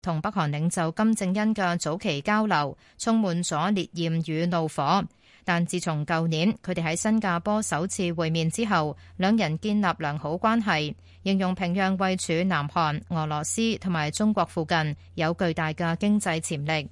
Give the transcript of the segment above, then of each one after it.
同北韓領袖金正恩嘅早期交流充滿咗烈焰與怒火，但自從舊年佢哋喺新加坡首次會面之後，兩人建立良好關係，形容平壤位處南韓、俄羅斯同埋中國附近，有巨大嘅經濟潛力。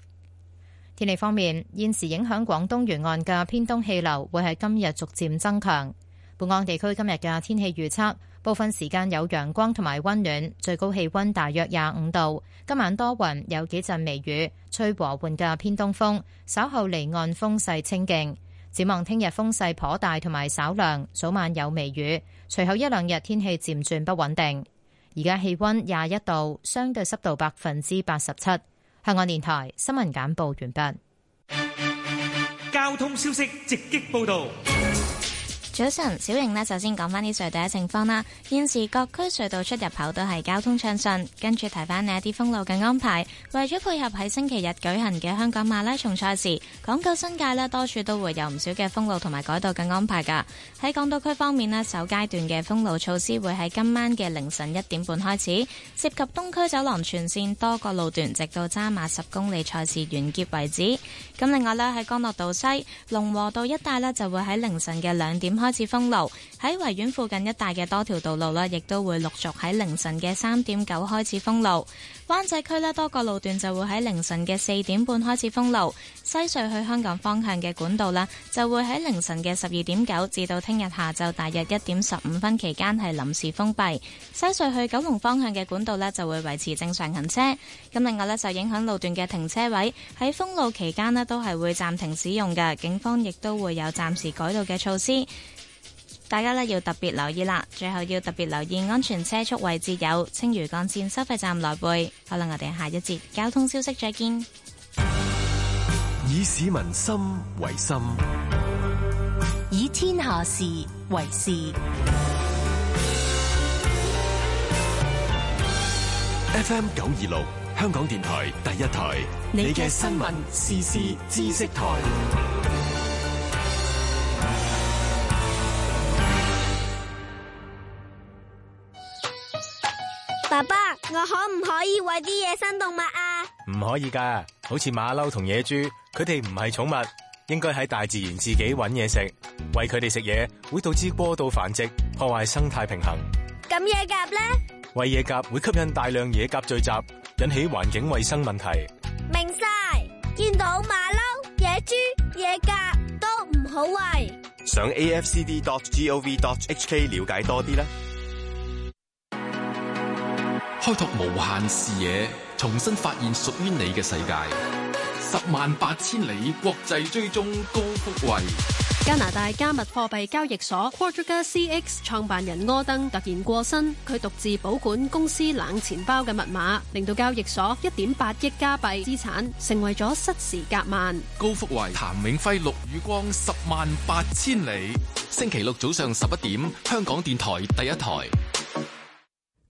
天氣方面，現時影響廣東沿岸嘅偏東氣流會喺今日逐漸增強。本港地區今日嘅天氣預測。部分時間有陽光同埋溫暖，最高氣溫大約廿五度。今晚多雲，有幾陣微雨，吹和緩嘅偏東風。稍後離岸風勢清勁。展望聽日風勢頗大同埋稍涼，早晚有微雨。隨後一兩日天氣漸轉不穩定。而家氣溫廿一度，相對濕度百分之八十七。香港電台新聞簡報完畢。交通消息直擊報道。早晨，小瑩呢，首先講翻啲隧道嘅情況啦。現時各區隧道出入口都係交通暢順，跟住提翻你一啲封路嘅安排。為咗配合喺星期日舉行嘅香港馬拉松賽事，港九新界呢，多處都會有唔少嘅封路同埋改道嘅安排噶。喺港島區方面呢，首階段嘅封路措施會喺今晚嘅凌晨一點半開始，涉及東區走廊全線多個路段，直到渣馬十公里賽事完結為止。咁另外呢，喺江樂道西、龍和道一帶呢，就會喺凌晨嘅兩點開。開始封路，喺維園附近一帶嘅多條道路咧，亦都會陸續喺凌晨嘅三點九開始封路。灣仔區呢，多個路段就會喺凌晨嘅四點半開始封路。西隧去香港方向嘅管道啦，就會喺凌晨嘅十二點九至到聽日下晝大約一點十五分期間係臨時封閉。西隧去九龍方向嘅管道呢，就會維持正常行車。咁另外呢，受影響路段嘅停車位喺封路期間呢，都係會暫停使用嘅。警方亦都會有暫時改道嘅措施。大家咧，要特別留意啦，最後要特別留意安全車速位置，有青嶼幹線收費站來背。好啦，我哋下一節交通消息再見。以市民心為心，以天下事為事。FM 九二六香港電台第一台，你嘅新聞時事知識台。爸爸，我可唔可以餵啲野生動物啊？唔可以噶，好似馬騮同野豬，佢哋唔係寵物，應該喺大自然自己搵嘢食。餵佢哋食嘢會導致過度繁殖，破壞生態平衡。咁野鴿呢？餵野鴿會吸引大量野鴿聚集，引起環境衛生問題。明晒，見到馬騮、野豬、野鴿都唔好餵。上 afcd.gov.hk 了解多啲啦。開拓無限視野，重新發現屬於你嘅世界。十萬八千里國際追蹤高福慧，加拿大加密貨幣交易所 Quadriga CX 創辦人柯登突然過身，佢獨自保管公司冷錢包嘅密碼，令到交易所一點八億加幣資產成為咗失時夾萬。高福慧、譚永輝、陸宇光，十萬八千里。星期六早上十一點，香港電台第一台。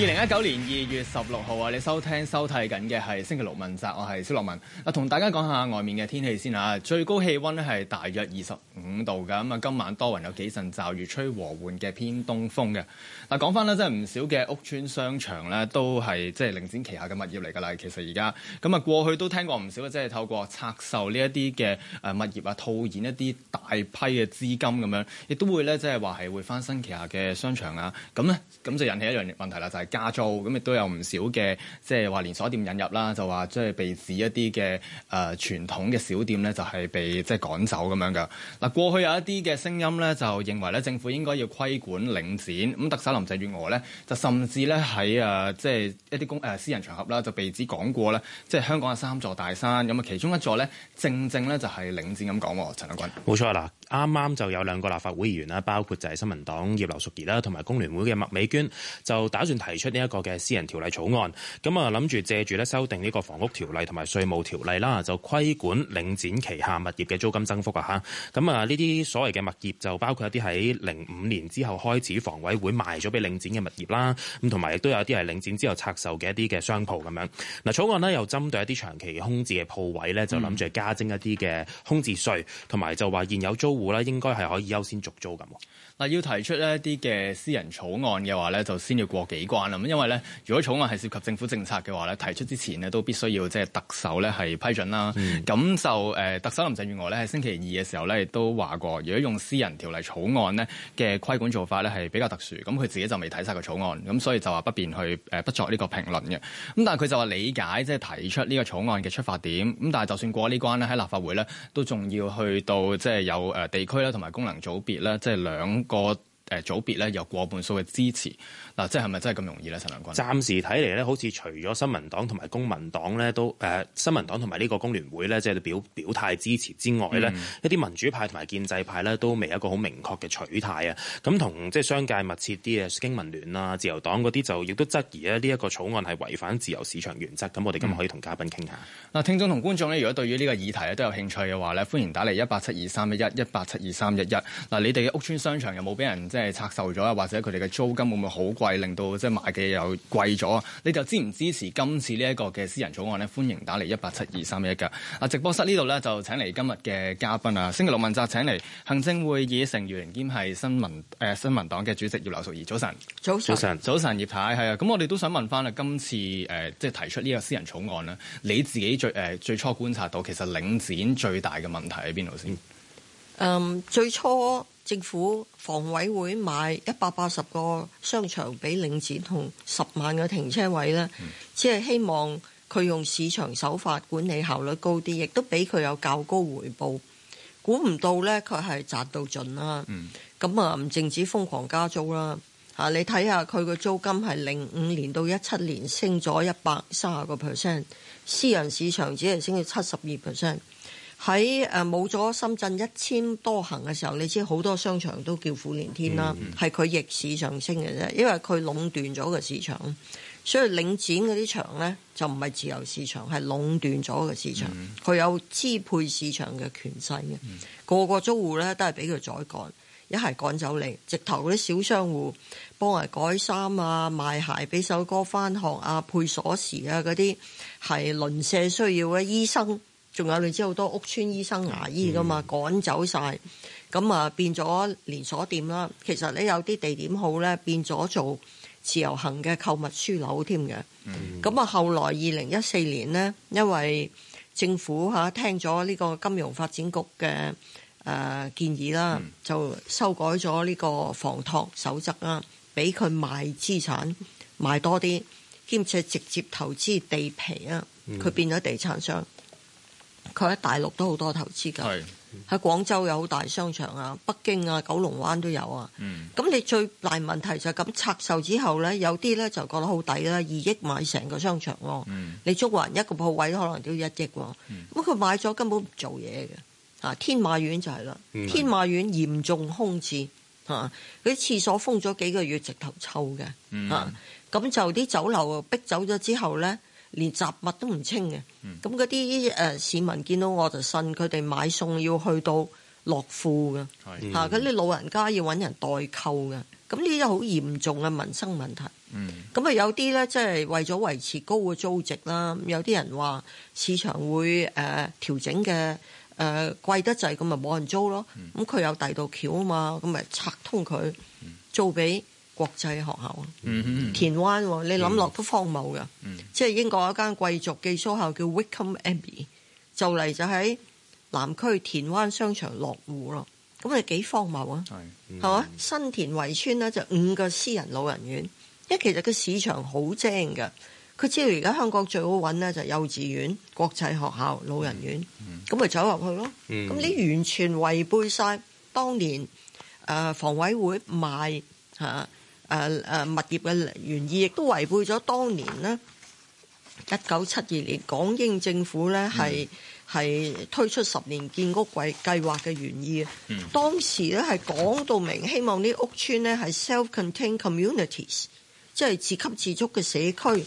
二零一九年二月十六號啊！你收聽收睇緊嘅係星期六問責，我係蕭洛汶啊，同大家講下外面嘅天氣先嚇。最高氣温咧係大約二十五度噶，咁啊今晚多雲有幾陣驟雨，吹和緩嘅偏東風嘅。嗱，講翻呢，真係唔少嘅屋邨商場呢，都係即係領展旗下嘅物業嚟㗎啦。其實而家咁啊，過去都聽過唔少嘅，即係透過拆售呢一啲嘅物業啊，套現一啲大批嘅資金咁樣，亦都會呢，即係話係會翻新旗下嘅商場啊。咁呢，咁就引起一樣問題啦，就係、是。加租咁亦都有唔少嘅，即係話連鎖店引入啦，就話即係被指一啲嘅誒傳統嘅小店咧，就係被即係趕走咁樣噶。嗱，過去有一啲嘅聲音咧，就認為咧政府應該要規管領展。咁特首林鄭月娥咧，就甚至咧喺誒即係一啲公誒、呃、私人場合啦，就被指講過咧，即係香港嘅三座大山，咁啊其中一座咧正正咧就係領展咁講。陳亮均，冇錯啦。啱啱就有兩個立法會議員啦，包括就係新民黨葉劉淑儀啦，同埋工聯會嘅麥美娟，就打算提出呢一個嘅私人條例草案。咁啊，諗住借住咧修訂呢個房屋條例同埋稅務條例啦，就規管領展旗下物業嘅租金增幅啊嚇。咁啊，呢啲所謂嘅物業就包括一啲喺零五年之後開始房委會賣咗俾領展嘅物業啦，咁同埋亦都有一啲係領展之後拆售嘅一啲嘅商鋪咁樣。嗱，草案呢，又針對一啲長期空置嘅鋪位呢就諗住加徵一啲嘅空置稅，同埋、嗯、就話現有租戶咧應該係可以優先續租咁。嗱，要提出呢一啲嘅私人草案嘅話咧，就先要過幾關啦。咁因為咧，如果草案係涉及政府政策嘅話咧，提出之前呢都必須要即係特首咧係批准啦。咁、嗯、就誒，特首林鄭月娥咧喺星期二嘅時候咧亦都話過，如果用私人條例草案咧嘅規管做法咧係比較特殊，咁佢自己就未睇晒個草案，咁所以就話不便去誒不作呢個評論嘅。咁但係佢就話理解即係提出呢個草案嘅出發點。咁但係就算過呢關咧，喺立法會咧都仲要去到即係有誒。地區啦，同埋功能組別啦，即係兩個誒組別咧，有過半數嘅支持。嗱，即係係咪真係咁容易咧？陳亮均，暫時睇嚟咧，好似除咗新民黨同埋公民黨咧，都、呃、誒，新民黨同埋呢個工聯會咧，即係表表態支持之外咧，嗯、一啲民主派同埋建制派咧，都未一個好明確嘅取態啊。咁同、嗯、即係商界密切啲嘅經民聯啊、自由黨嗰啲，就亦都質疑咧，呢一個草案係違反自由市場原則。咁我哋今日可以同嘉賓傾下。嗱、嗯，聽眾同觀眾咧，如果對於呢個議題都有興趣嘅話咧，歡迎打嚟一八七二三一一一八七二三一一。嗱，你哋嘅屋邨商場有冇俾人即係、就是、拆售咗啊？或者佢哋嘅租金會唔會好貴？係令到即係買嘅又貴咗，你就支唔支持今次呢一個嘅私人草案咧？歡迎打嚟一八七二三一㗎。啊，直播室呢度咧就請嚟今日嘅嘉賓啊，星期六問責請嚟行政會議成員兼係新聞誒新民黨嘅主席葉劉淑儀，早晨，早晨，早晨上，早晨上，葉太係啊。咁我哋都想問翻啊，今次誒、呃、即係提出呢個私人草案咧，你自己最誒、呃、最初觀察到其實領展最大嘅問題喺邊度先？嗯，um, 最初。政府房委會買一百八十個商場俾領展同十萬個停車位咧，嗯、只係希望佢用市場手法管理效率高啲，亦都俾佢有較高回報。估唔到咧，佢係賺到盡啦。咁啊、嗯，唔淨止瘋狂加租啦，嚇，你睇下佢個租金係零五年到一七年升咗一百三十個 percent，私人市場只係升咗七十二 percent。喺誒冇咗深圳一千多行嘅時候，你知好多商場都叫苦連天啦。係佢、mm hmm. 逆市上升嘅啫，因為佢壟斷咗個市場，所以領展嗰啲場咧就唔係自由市場，係壟斷咗個市場，佢、mm hmm. 有支配市場嘅權勢嘅，mm hmm. 個個租戶咧都係俾佢宰干，一係趕走你，直頭啲小商戶幫人改衫啊、賣鞋、俾首歌翻學啊、配鎖匙啊嗰啲係鄰舍需要嘅醫生。仲有你知好多屋邨醫生牙醫㗎嘛，趕走晒。咁啊，變咗連鎖店啦。其實咧有啲地點好咧，變咗做自由行嘅購物書樓添嘅。咁啊、嗯，後來二零一四年呢，因為政府嚇聽咗呢個金融發展局嘅誒建議啦，就修改咗呢個房託守則啦，俾佢賣資產賣多啲，兼且直接投資地皮啊。佢變咗地產商。佢喺大陸都好多投資㗎，喺是廣州有好大商場啊，北京啊、九龍灣都有啊。咁、嗯、你最大問題就係咁拆售之後呢，有啲呢就覺得好抵啦，二億買成個商場喎。嗯、你中環一個鋪位都可能都要一億喎。咁佢、嗯、買咗根本唔做嘢嘅。啊，天馬苑就係、是、啦，嗯、天馬苑嚴重空置佢啲的廁所封咗幾個月，直頭臭嘅嚇。咁、嗯、就啲酒樓逼走咗之後呢。連雜物都唔清嘅，咁嗰啲誒市民見到我就信佢哋買餸要去到樂富嘅，嚇咁啲老人家要揾人代購嘅，咁呢啲好嚴重嘅民生問題。咁啊、嗯、有啲咧即係為咗維持高嘅租值啦，有啲人話市場會誒、呃、調整嘅誒、呃、貴得滯，咁咪冇人租咯。咁佢、嗯、有第二道橋啊嘛，咁咪拆通佢租俾。國際學校，田灣你諗落都荒謬嘅，嗯嗯、即係英國一間貴族寄宿校叫 Wickham Abbey，就嚟就喺南區田灣商場落戶咯。咁係幾荒謬啊？係嘛？新田圍村咧就五個私人老人院，因為其實個市場好精嘅，佢知道而家香港最好揾呢，就幼稚園、國際學校、老人院，咁咪、嗯嗯、走入去咯。咁、嗯、你完全違背晒當年誒房委會賣嚇。誒誒，物業嘅原意亦都違背咗當年咧，一九七二年港英政府咧係係推出十年建屋計計劃嘅原意啊！嗯、當時咧係講到明，希望啲屋村咧係 self-contained communities，即係自給自足嘅社區。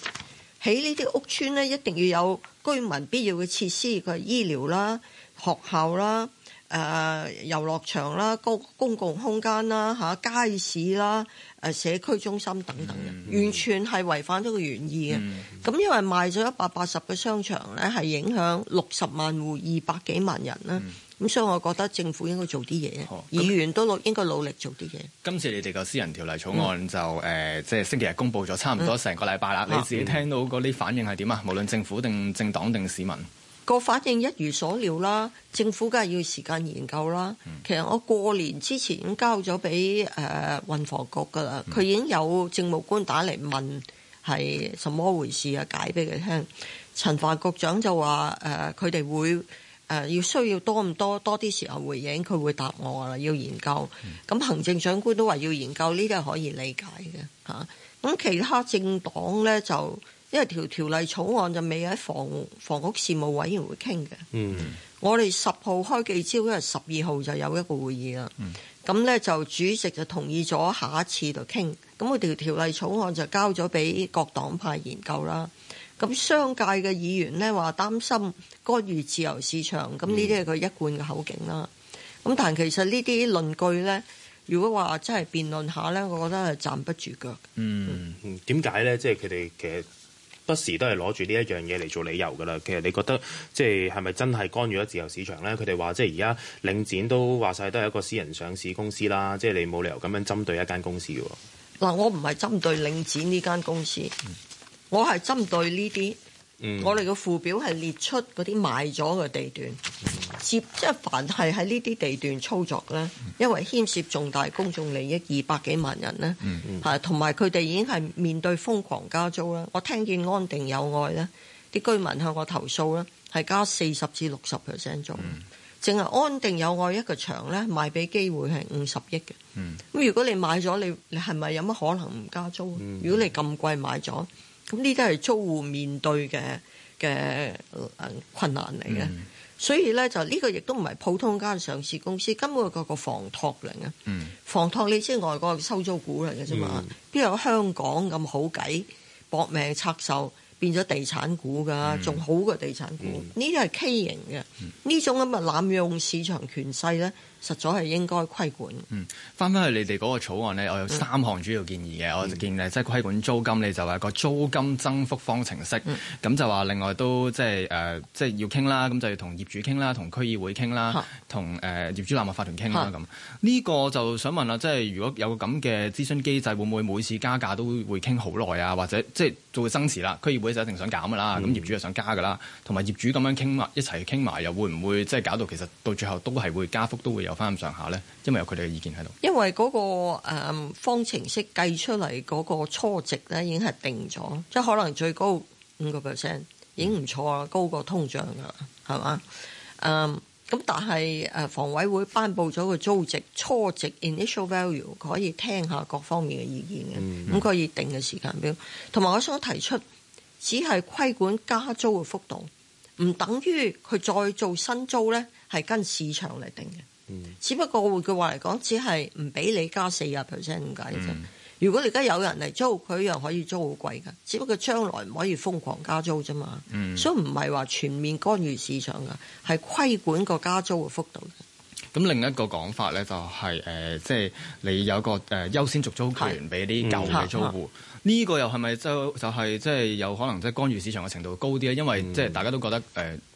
喺呢啲屋村咧，一定要有居民必要嘅設施，佢係醫療啦、學校啦。誒、呃、遊樂場啦、公公共空間啦、嚇、啊、街市啦、啊、社區中心等等嘅，嗯嗯、完全係違反咗個原意嘅。咁、嗯嗯、因為賣咗一百八十個商場咧，係影響六十萬戶、二百幾萬人啦。咁、嗯、所以我覺得政府應該做啲嘢，哦、議員都應應該努力做啲嘢。今次你哋個私人條例草案就即係、嗯呃就係、星期日公布咗，差唔多成個禮拜啦。你自己聽到嗰啲反應係點啊？嗯、無論政府定政黨定市民。個反應一如所料啦，政府梗係要時間研究啦。其實我過年之前已經交咗俾誒運房局噶啦，佢、嗯、已經有政務官打嚟問係什麼回事啊，解俾佢聽。陳帆局長就話誒佢哋會誒要、呃、需要多唔多多啲時候回應，佢會答我噶啦，要研究。咁、嗯、行政長官都話要研究，呢啲係可以理解嘅嚇。咁、啊、其他政黨咧就。因為條條例草案就未喺房房屋事務委員會傾嘅，嗯、我哋十號開記招會，十二號就有一個會議啦。咁呢、嗯，就主席就同意咗下一次就傾，咁個條條例草案就交咗俾各黨派研究啦。咁商界嘅議員呢，話擔心干預自由市場，咁呢啲係佢一貫嘅口徑啦。咁、嗯、但其實呢啲論據呢，如果話真係辯論下呢，我覺得係站不住腳。嗯，點解、嗯、呢？即係佢哋嘅。不時都係攞住呢一樣嘢嚟做理由㗎啦。其實你覺得即係係咪真係干預咗自由市場咧？佢哋話即係而家領展都話晒，都係一個私人上市公司啦。即係你冇理由咁樣針對一間公司㗎喎。嗱，我唔係針對領展呢間公司，我係針對呢啲。嗯、我哋嘅附表係列出嗰啲賣咗嘅地段，接、嗯、即係凡係喺呢啲地段操作咧，嗯、因為牽涉重大公眾利益二百幾萬人咧，嚇同埋佢哋已經係面對瘋狂加租啦。我聽見安定友愛咧，啲居民向我投訴咧，係加四十至六十 percent 租。淨係、嗯、安定友愛一個場咧，賣俾機會係五十億嘅。咁、嗯、如果你買咗，你你係咪有乜可能唔加租？嗯嗯、如果你咁貴買咗？咁呢啲係租戶面對嘅嘅困難嚟嘅，嗯、所以咧就呢個亦都唔係普通間上市公司，根本係個房託嚟嘅，嗯、房託你知外國收租股嚟嘅啫嘛，邊有、嗯、香港咁好計搏命拆售變咗地產股㗎，仲、嗯、好過地產股，呢啲係畸形嘅，呢、嗯、種咁咪濫用市場權勢咧。實咗係應該規管。嗯，翻返去你哋嗰個草案咧，我有三項主要建議嘅。嗯、我建議咧，即、就、係、是、規管租金，你就話個租金增幅方程式。咁、嗯、就話另外都即係即係要傾啦。咁就要同業主傾啦，同區議會傾啦，同誒、呃、業主立案法團傾啦。咁呢、嗯、個就想問啦，即、就、係、是、如果有個咁嘅諮詢機制，會唔會每次加價都會傾好耐啊？或者即係做增持啦？區議會就一定想減噶啦，咁、嗯、業主就想加噶啦，同埋業主咁樣傾埋一齊傾埋，又會唔會即係、就是、搞到其實到最後都係會加幅都會有？翻咁上下咧，因為有佢哋嘅意見喺度。因為嗰個誒方程式計出嚟嗰個初值咧，已經係定咗，即係可能最高五個 percent 已經唔錯啊，嗯、高過通脹㗎喇，係嘛？嗯，咁但係誒房委會頒佈咗個租值初值 initial value，可以聽下各方面嘅意見嘅。咁佢、嗯、可以定嘅時間表，同埋我想提出，只係規管加租嘅幅度，唔等於佢再做新租咧，係跟市場嚟定嘅。嗯、只不過我換句話嚟講，只係唔俾你加四十 percent 咁解啫。嗯、如果而家有人嚟租，佢又可以租好貴噶。只不過將來唔可以瘋狂加租啫嘛。嗯、所以唔係話全面干預市場噶係規管個加租嘅幅度。咁、嗯、另一個講法咧，就是呃，就係誒，即係你有一個誒優先續租權俾啲舊嘅租戶。呢個又係咪就就係即係有可能即係干預市場嘅程度高啲咧？因為即係大家都覺得誒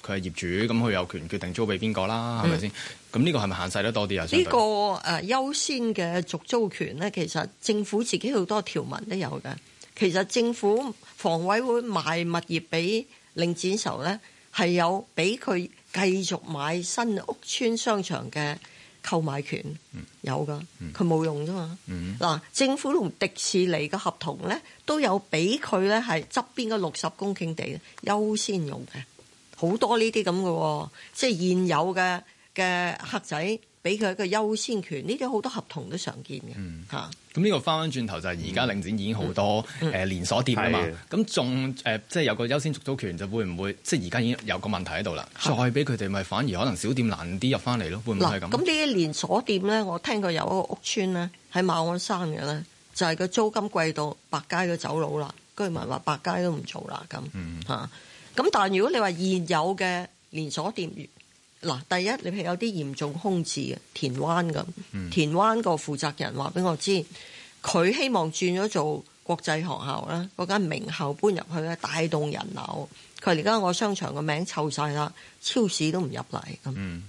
佢係業主，咁佢有權決定租俾邊、嗯、個啦，係咪先？咁呢個係咪限制得多啲啊？呢個誒優先嘅續租權咧，其實政府自己好多條文都有嘅。其實政府房委會賣物業俾領展嘅時候咧，係有俾佢繼續買新屋邨商場嘅。購買權有㗎，佢冇用啫嘛。嗱，政府同迪士尼嘅合同咧，都有俾佢咧，係側邊嘅六十公頃地優先用嘅，好多呢啲咁嘅，即係現有嘅嘅客仔。俾佢一個優先權，呢啲好多合同都常見嘅嚇。咁呢、嗯、是個翻翻轉頭就係而家領展已經好多誒、嗯呃嗯、連鎖店啊嘛。咁仲誒即係有個優先續租權，就會唔會即係而家已經有個問題喺度啦？是再俾佢哋，咪反而可能小店難啲入翻嚟咯？會唔會係咁？嗯、這些鎖呢啲連鎖店咧，我聽過有一個屋邨咧，喺馬鞍山嘅咧，就係、是、個租金貴到百佳都走佬啦，居民話百佳都唔做啦咁嚇。咁、嗯、但係如果你話現有嘅連鎖店，嗱，第一你係有啲嚴重空置嘅田灣咁，田灣個負責人話俾我知，佢、嗯、希望轉咗做國際學校啦，嗰間名校搬入去咧，帶動人流。佢話而家我商場個名臭晒啦，超市都唔入嚟咁。咁、嗯、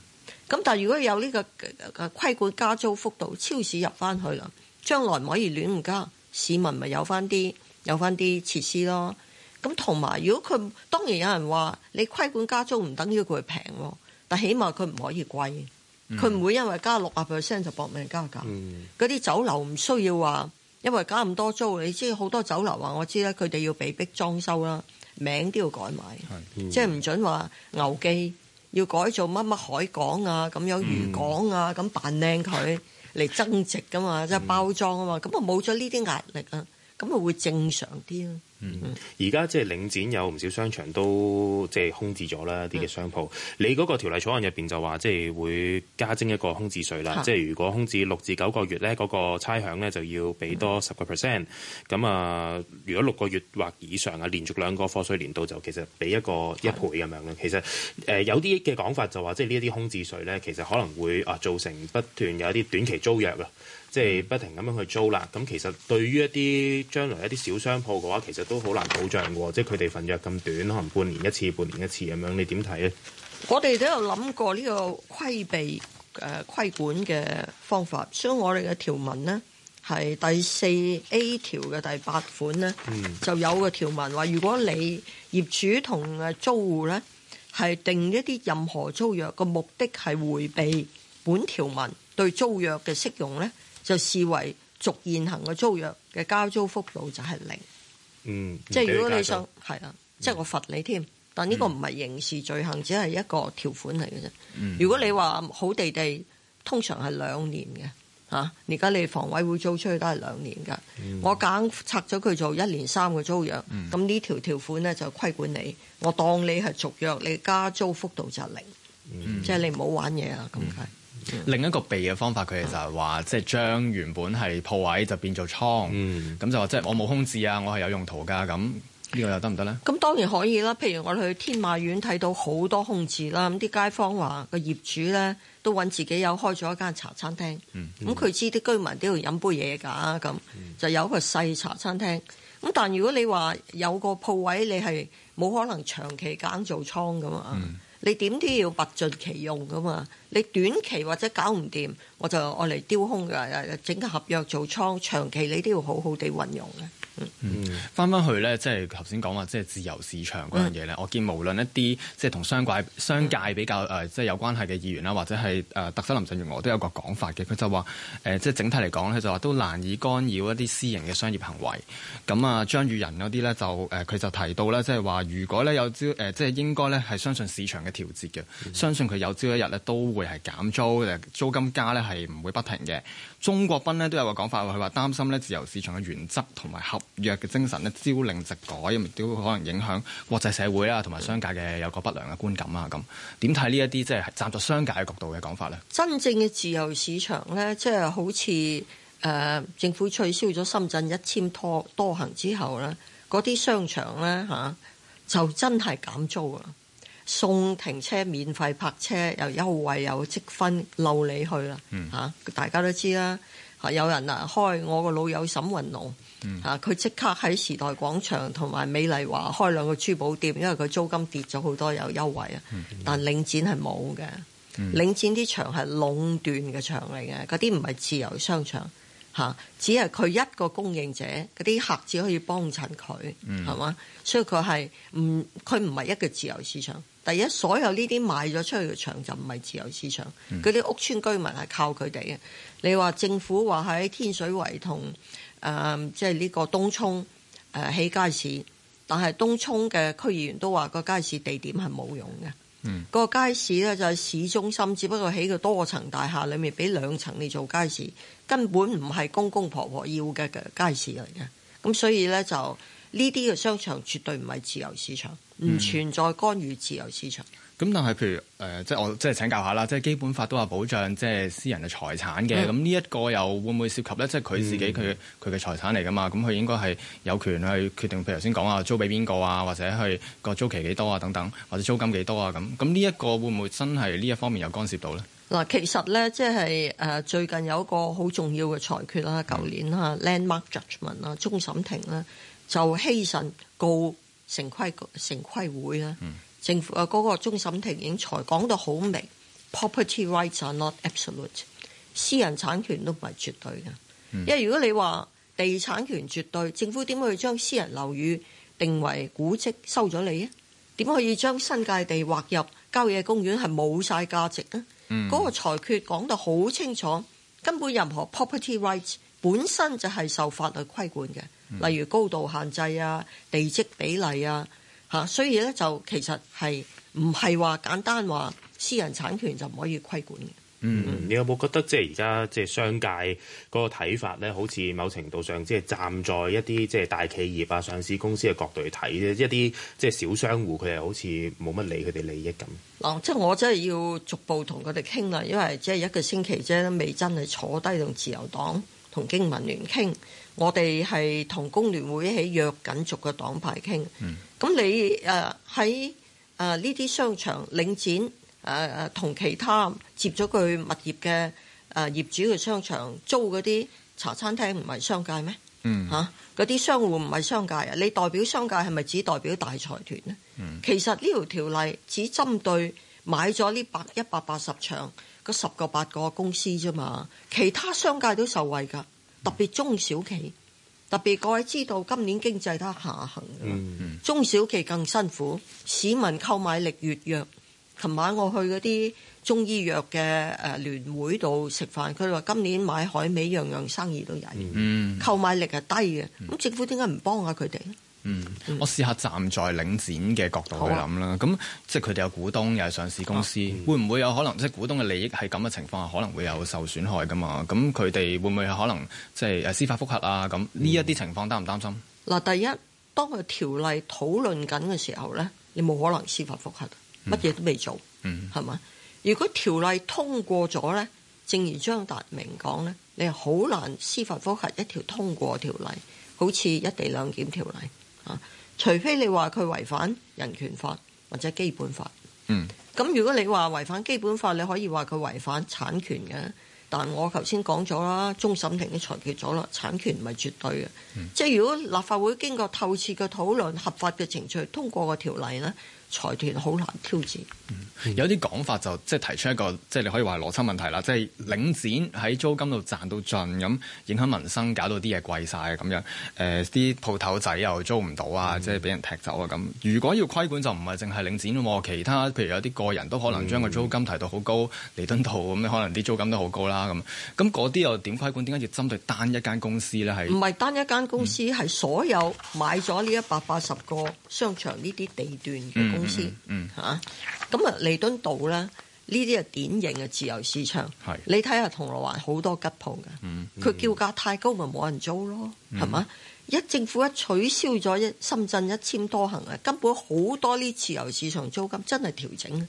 但係如果有呢個規管加租幅度，超市入翻去啦，將來唔可以亂唔加，市民咪有翻啲有翻啲設施咯。咁同埋，如果佢當然有人話，你規管加租唔等於佢平喎。但起碼佢唔可以貴，佢唔會因為加六十 percent 就搏命加價。嗰啲酒樓唔需要話，因為加咁多租，你知好多酒樓話我知啦，佢哋要被逼裝修啦，名都要改埋，即係唔准話牛記要改做乜乜海港啊，咁有漁港啊，咁扮靚佢嚟增值噶嘛，即係包裝啊嘛，咁啊冇咗呢啲壓力啊，咁啊會正常啲。嗯，而家即係領展有唔少商場都即係空置咗啦，啲嘅商鋪。你嗰個條例草案入面就話，即係會加徵一個空置稅啦。嗯、即係如果空置六至九個月咧，嗰、嗰個差餉咧就要俾多十個 percent。咁啊，如果六個月或以上啊，連續兩個課稅年度就其實俾一個一倍咁樣、嗯、其實有啲嘅講法就話，即係呢一啲空置稅咧，其實可能會啊造成不斷有一啲短期租約啊。即係不停咁樣去租啦，咁其實對於一啲將來一啲小商鋪嘅話，其實都好難保障喎，即係佢哋份約咁短，可能半年一次、半年一次咁樣，你點睇咧？我哋都有諗過呢個規避誒規、呃、管嘅方法，所以我哋嘅條文呢，係第四 A 條嘅第八款咧，嗯、就有個條文話，如果你業主同誒租戶呢，係定一啲任何租約嘅目的係回避本條文對租約嘅適用呢。」就視為續現行嘅租約，嘅加租幅度就係零，嗯，即係如果你想係啊，即係我罰你添，嗯、但呢個唔係刑事罪行，只係一個條款嚟嘅啫。嗯、如果你話好地地，通常係兩年嘅嚇，而家你房委會租出去都係兩年㗎，嗯、我硬拆咗佢做一年三個租約，咁呢、嗯、條條款咧就規管你，我當你係續約，你加租幅度就係零，嗯、即係你唔好玩嘢啊咁解。嗯另一個避嘅方法，佢就係話，即係將原本係鋪位就變做倉，咁、嗯、就話即係我冇空置啊，我係有用途㗎，咁呢個又得唔得咧？咁當然可以啦。譬如我去天馬苑睇到好多空置啦，咁啲街坊話個業主咧都揾自己有開咗一間茶餐廳，咁佢、嗯嗯、知啲居民都要飲杯嘢㗎，咁就有一個細茶餐廳。咁但如果你話有個鋪位，你係冇可能長期揀做倉㗎嘛。嗯你點都要物盡其用㗎嘛！你短期或者搞唔掂，我就愛嚟丟空嘅，整個合約做倉。長期你都要好好地運用。嗯，翻翻去咧，即係頭先講話即係自由市場嗰樣嘢咧，嗯、我見無論一啲即係同商界商界比較誒，即係有關係嘅議員啦，或者係誒特首林鄭月娥都有個講法嘅，佢就話誒，即係整體嚟講咧，就話都難以干擾一啲私營嘅商業行為。咁啊，張宇人嗰啲咧就誒，佢就提到咧，即係話如果咧有朝誒，即係應該咧係相信市場嘅調節嘅，嗯、相信佢有朝一日咧都會係減租誒租金加咧係唔會不停嘅。鍾國斌呢都有個講法，佢話擔心咧自由市場嘅原則同埋合。弱嘅精神咧，朝令夕改，都可能影響國際社會啦，同埋商界嘅有個不良嘅觀感啊。咁點睇呢一啲即係站在商界嘅角度嘅講法呢？真正嘅自由市場呢，即係好似誒政府取消咗深圳一簽拖多行之後呢，嗰啲商場呢，嚇、啊、就真係減租啊，送停車免費泊車又優惠又積分漏你去啦嚇、嗯啊，大家都知啦。有人啊，開我個老友沈雲龍。嚇！佢即、嗯、刻喺時代廣場同埋美麗華開兩個珠寶店，因為佢租金跌咗好多，有優惠啊。但領展係冇嘅，嗯、領展啲場係壟斷嘅場嚟嘅，嗰啲唔係自由商場嚇，只係佢一個供應者，嗰啲客只可以幫襯佢，係嘛、嗯？所以佢係唔佢唔係一個自由市場。第一，所有呢啲賣咗出去嘅場就唔係自由市場，嗰啲屋村居民係靠佢哋嘅。你話政府話喺天水圍同……誒、嗯，即係呢個東涌、呃、起街市，但係東涌嘅區議員都話個街市地點係冇用嘅。嗯，個街市咧就喺市中心，只不過起個多層大廈裏面俾兩層嚟做街市，根本唔係公公婆婆要嘅嘅街市嚟嘅。咁所以咧就呢啲嘅商場絕對唔係自由市場，唔存在干預自由市場。嗯嗯咁但係譬如、呃、即係我即係請教下啦，即係基本法都話保障即係私人嘅財產嘅，咁呢一個又會唔會涉及咧？即係佢自己佢佢嘅財產嚟噶嘛？咁佢應該係有權去決定，譬如頭先講啊，租俾邊個啊，或者去個租期幾多啊，等等，或者租金幾多啊咁。咁呢一個會唔會真係呢一方面有干涉到咧？嗱，其實咧，即係誒最近有一個好重要嘅裁決啦，舊年啦，Landmark judgment 啦，終審庭呢，就希慎告城規城規會啦。嗯政府啊，嗰、那個終審庭已經才講到好明，明，property rights are not absolute，私人產權都唔係絕對嘅。嗯、因為如果你話地產權絕對，政府點可以將私人樓宇定為古蹟收咗你啊？點可以將新界地劃入郊野公園係冇晒價值啊？嗰、嗯、個裁決講得好清楚，根本任何 property rights 本身就係受法律規管嘅，例如高度限制啊、地積比例啊。嚇，所以咧就其實係唔係話簡單話私人產權就唔可以規管嘅、嗯。嗯，你有冇覺得即係而家即係商界嗰個睇法咧？好似某程度上即係站在一啲即係大企業啊、上市公司嘅角度去睇咧，一啲即係小商戶佢係好似冇乜理佢哋利益咁嗱、嗯嗯。即係我真係要逐步同佢哋傾啦，因為即係一個星期啫，未真係坐低同自由黨同經民聯傾。我哋係同工聯會起約緊逐個黨派傾。嗯。咁你誒喺誒呢啲商場領展誒誒同其他接咗佢物業嘅誒業主嘅商場租嗰啲茶餐廳唔係商界咩？嚇嗰啲商戶唔係商界啊！你代表商界係咪只代表大財團咧？嗯、其實呢條條例只針對買咗呢百一百八十場嗰十個八個公司啫嘛，其他商界都受惠㗎，特別中小企。特別各位知道今年經濟都下行，中小企更辛苦，市民購買力越弱。琴晚我去嗰啲中醫藥嘅誒聯會度食飯，佢哋話今年買海味樣樣生意都曳，嗯、購買力係低嘅。咁、嗯、政府點解唔幫下佢哋？嗯，我試下站在領展嘅角度去諗啦。咁、啊、即係佢哋有股東，又係上市公司，啊嗯、會唔會有可能即係股東嘅利益係咁嘅情況下，可能會有受損害㗎嘛？咁佢哋會唔會可能即係司法覆核啊？咁呢一啲情況、嗯、擔唔擔心嗱？第一，當個條例討論緊嘅時候咧，你冇可能司法覆核，乜嘢都未做，嗯，係咪？如果條例通過咗咧，正如張達明講咧，你係好難司法覆核一條通過條例，好似一地兩檢條例。除非你話佢違反人權法或者基本法，咁、嗯、如果你話違反基本法，你可以話佢違反產權嘅。但我頭先講咗啦，終審庭都裁決咗啦，產權唔係絕對嘅，嗯、即係如果立法會經過透徹嘅討論、合法嘅程序通過個條例呢。財團好難挑戰，嗯、有啲講法就即係、就是、提出一個即係、就是、你可以話係邏輯問題啦，即、就、係、是、領展喺租金度賺到盡咁，影響民生，搞到啲嘢貴晒。咁樣，誒、呃、啲鋪頭仔又租唔到啊，嗯、即係俾人踢走啊咁。如果要規管就唔係淨係領展喎，其他譬如有啲個人都可能將個租金提到好高，彌、嗯、敦道咁，可能啲租金都好高啦咁。咁嗰啲又點規管？點解要針對單一間公司咧？係唔係單一間公司係、嗯、所有買咗呢一百八十個商場呢啲地段的公司、嗯公司，嚇咁、嗯嗯嗯、啊，彌敦道咧，呢啲啊典型嘅自由市場。係是，你睇下銅鑼灣好多吉鋪嘅，佢、嗯嗯、叫價太高，咪冇人租咯，係嘛、嗯？一政府一取消咗一深圳一簽多行啊，根本好多呢自由市場租金真係調整。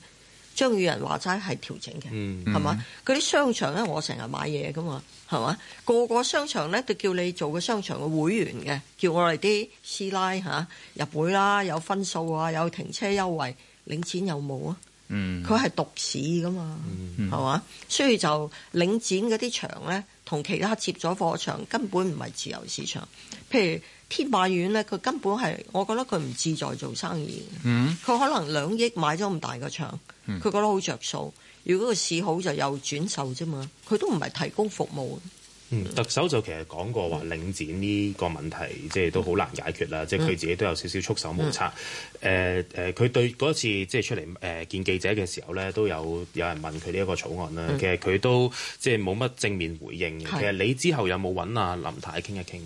張宇人話齋係調整嘅，係嘛、嗯？嗰、嗯、啲商場咧，我成日買嘢噶嘛，係嘛？個個商場咧，就叫你做個商場嘅會員嘅，叫我哋啲師奶嚇入會啦，有分數啊，有停車優惠，領展有冇啊、嗯嗯？嗯，佢係獨市噶嘛，係嘛？所以就領展嗰啲場咧，同其他接咗貨場，根本唔係自由市場。譬如天馬苑咧，佢根本係我覺得佢唔自在做生意。佢、嗯、可能兩億買咗咁大個場。佢、嗯、覺得好着數，如果個市好就又轉售啫嘛，佢都唔係提供服務。嗯，特首就其實講過話領展呢個問題，嗯、即係都好難解決啦，嗯、即係佢自己都有少少束手無策。誒誒、嗯，佢、呃呃、對嗰次即係出嚟誒、呃、見記者嘅時候咧，都有有人問佢呢一個草案啦，嗯、其實佢都即係冇乜正面回應。是其實你之後有冇揾阿林太傾一傾？誒、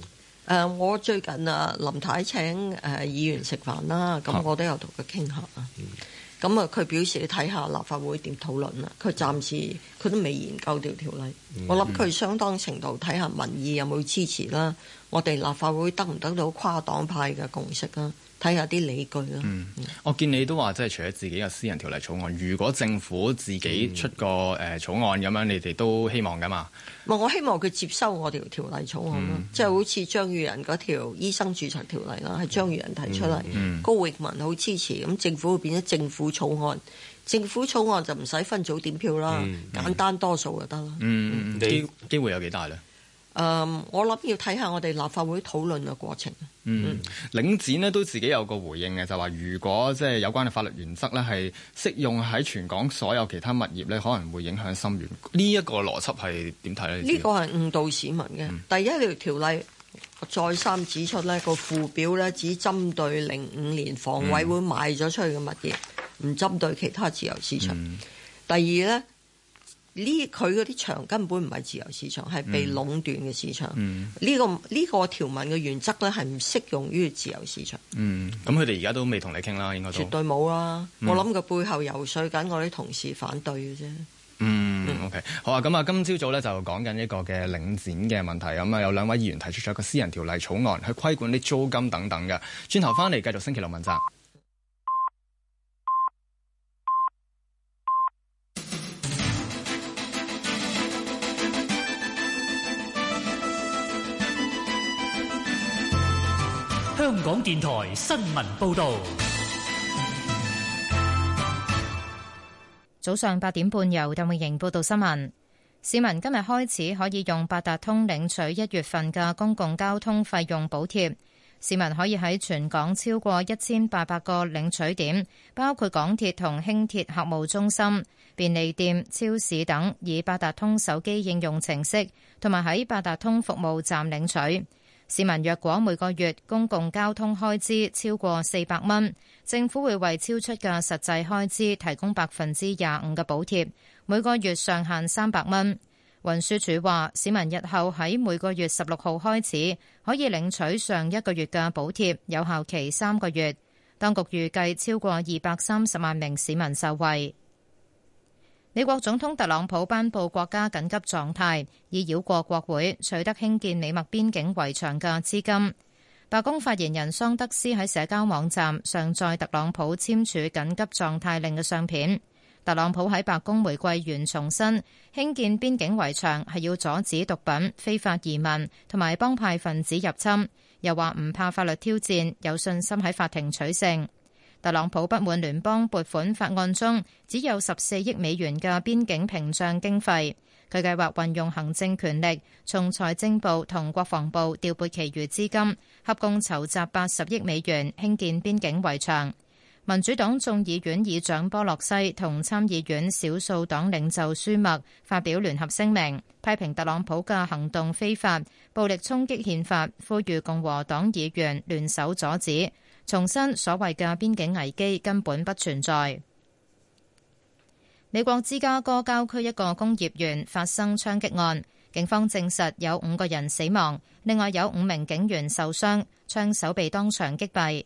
呃，我最近啊，林太請誒議員食飯啦，咁我都有同佢傾下啊。嗯咁啊，佢表示，你睇下立法會點討論啊，佢暫時。佢都未研究條條例，嗯、我諗佢相當程度睇下民意有冇支持啦，嗯、我哋立法會得唔得到跨黨派嘅共識啊？睇下啲理據咯。嗯嗯、我見你都話即係除咗自己嘅私人條例草案，如果政府自己出個、嗯呃、草案咁樣，你哋都希望噶嘛？我希望佢接收我條條例草案咯，即係、嗯、好似張宇人嗰條醫生註冊條例啦，係、嗯、張宇人提出嚟，嗯嗯、高永文好支持，咁政府會變咗政府草案。政府草案就唔使分組點票啦，嗯嗯、簡單多數就得啦。嗯嗯，機機會有幾大呢？誒、嗯，我諗要睇下我哋立法會討論嘅過程。嗯，領展呢都自己有個回應嘅，就話如果即係有關嘅法律原則呢，係適用喺全港所有其他物業呢，可能會影響深遠。呢、這、一個邏輯係點睇呢？呢個係誤導市民嘅。嗯、第一條條例再三指出呢，個附表呢，只針對零五年房委會賣咗出去嘅物業。唔針對其他自由市場。嗯、第二咧，呢佢嗰啲場根本唔係自由市場，係、嗯、被壟斷嘅市場。呢、嗯這個呢、這個條文嘅原則咧，係唔適用於自由市場。嗯，咁佢哋而家都未同你傾啦，應該都絕對冇啦、啊。嗯、我諗佢背後游説緊我啲同事反對嘅啫。嗯，OK，好啊。咁啊，今朝早咧就講緊一個嘅領展嘅問題。咁啊，有兩位議員提出咗一個私人條例草案，去規管啲租金等等嘅。轉頭翻嚟，繼續星期六問責。香港電台新聞報道，早上八點半由鄧慧瑩報道新聞。市民今日開始可以用八達通領取一月份嘅公共交通費用補貼。市民可以喺全港超過一千八百個領取點，包括港鐵同輕鐵客務中心、便利店、超市等，以八達通手機應用程式，同埋喺八達通服務站領取。市民若果每個月公共交通開支超過四百蚊，政府會為超出嘅實際開支提供百分之廿五嘅補貼，每個月上限三百蚊。運輸署話，市民日後喺每個月十六號開始可以領取上一個月嘅補貼，有效期三個月。當局預計超過二百三十萬名市民受惠。美國總統特朗普頒布國家緊急狀態，以繞過國會取得興建美墨邊境圍牆嘅資金。白宮發言人桑德斯喺社交網站上載特朗普簽署緊急狀態令嘅相片。特朗普喺白宮玫瑰園重申興建邊境圍牆係要阻止毒品、非法移民同埋幫派分子入侵，又話唔怕法律挑戰，有信心喺法庭取勝。特朗普不滿聯邦撥款法案中只有十四億美元嘅邊境屏障經費，佢計劃運用行政權力從財政部同國防部調撥其餘資金，合共籌集八十億美元興建邊境圍牆。民主黨眾議院議長波洛西同參議院少數黨領袖舒默發表聯合聲明，批評特朗普嘅行動非法、暴力衝擊憲法，呼籲共和黨議員聯手阻止。重申所謂嘅邊境危機根本不存在。美國芝加哥郊區一個工業園發生槍擊案，警方證實有五個人死亡，另外有五名警員受傷，槍手被當場擊斃。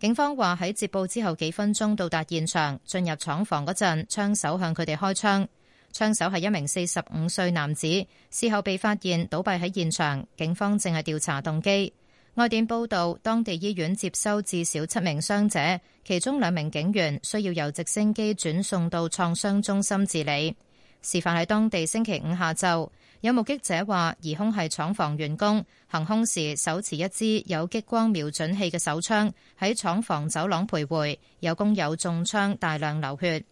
警方話喺接報之後幾分鐘到達現場，進入廠房嗰陣，槍手向佢哋開槍。槍手係一名四十五歲男子，事後被發現倒斃喺現場。警方正係調查動機。外電報道，當地醫院接收至少七名傷者，其中兩名警員需要由直升機轉送到創傷中心治理。事發喺當地星期五下晝，有目擊者話，疑兇係廠房員工，行兇時手持一支有激光瞄準器嘅手槍喺廠房走廊徘徊，有工友中槍，大量流血。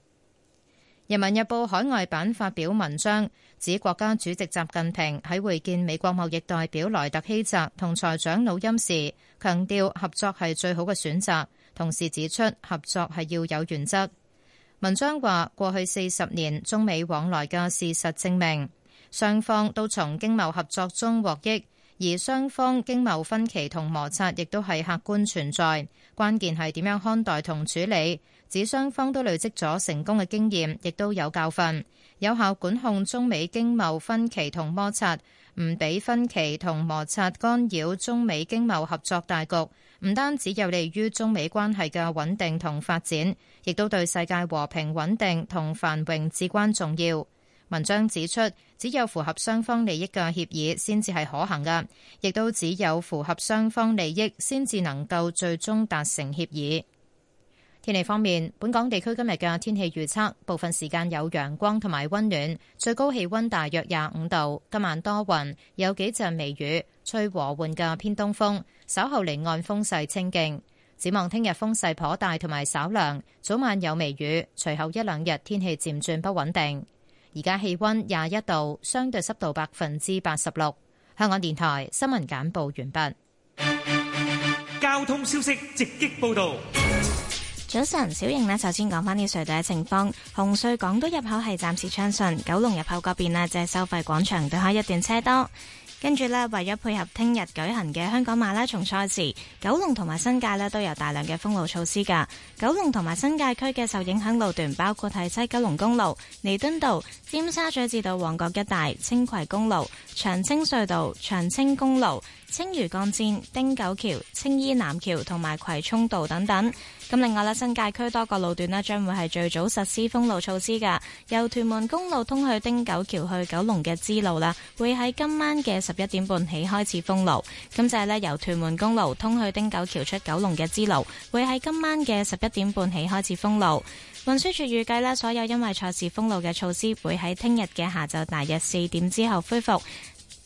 《人民日報》海外版發表文章，指國家主席習近平喺會見美國貿易代表萊特希澤同財長紐欽時，強調合作係最好嘅選擇，同時指出合作係要有原則。文章話：過去四十年中美往來嘅事實證明，雙方都從經貿合作中獲益，而雙方經貿分歧同摩擦亦都係客觀存在，關鍵係點樣看待同處理。指雙方都累積咗成功嘅經驗，亦都有教訓，有效管控中美經貿分歧同摩擦，唔俾分歧同摩擦干擾中美經貿合作大局，唔單止有利於中美關係嘅穩定同發展，亦都對世界和平穩定同繁榮至關重要。文章指出，只有符合雙方利益嘅協議先至係可行嘅，亦都只有符合雙方利益先至能夠最終達成協議。天氣方面，本港地區今日嘅天氣預測，部分時間有陽光同埋溫暖，最高氣溫大約廿五度。今晚多雲，有幾陣微雨，吹和緩嘅偏東風。稍後離岸風勢清勁。展望聽日風勢頗大同埋稍涼，早晚有微雨。隨後一兩日天氣漸轉不穩定。而家氣溫廿一度，相對濕度百分之八十六。香港電台新聞簡報完畢。交通消息直擊報道。早晨，小瑩呢，首先講返啲隧道嘅情況。紅隧港島入口係暫時暢順，九龍入口嗰邊呢，就係收費廣場對開一段車多。跟住呢，為咗配合聽日舉行嘅香港馬拉松賽事，九龍同埋新界呢都有大量嘅封路措施㗎。九龍同埋新界區嘅受影響路段包括係西九龍公路、彌敦道、尖沙咀至到旺角一帶、青葵公路、長青隧道、長青公路、青嶼幹線、汀九橋、青衣南橋同埋葵涌道等等。咁另外呢，新界區多個路段呢，將會係最早實施封路措施噶。由屯門公路通去汀九橋去九龍嘅支路啦，會喺今晚嘅十一點半起開始封路。咁就係呢，由屯門公路通去汀九橋出九龍嘅支路，會喺今晚嘅十一點半起開始封路。運輸署預計呢，所有因為賽事封路嘅措施，會喺聽日嘅下晝大約四點之後恢復。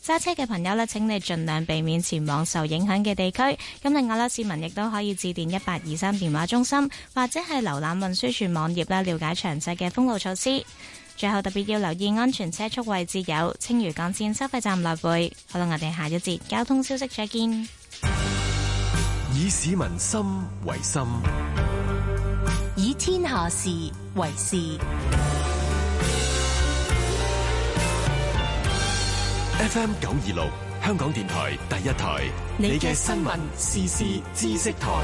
揸車嘅朋友咧，請你盡量避免前往受影響嘅地區。咁另外啦，市民亦都可以致電一八二三電話中心，或者係瀏覽運輸署網頁啦，了解詳細嘅封路措施。最後特別要留意安全車速位置有青嶼幹線收費站內匯。好啦，我哋下一節交通消息再見。以市民心為心，以天下事為事。FM 九二六，香港電台第一台，你嘅新聞、時事、知識台。識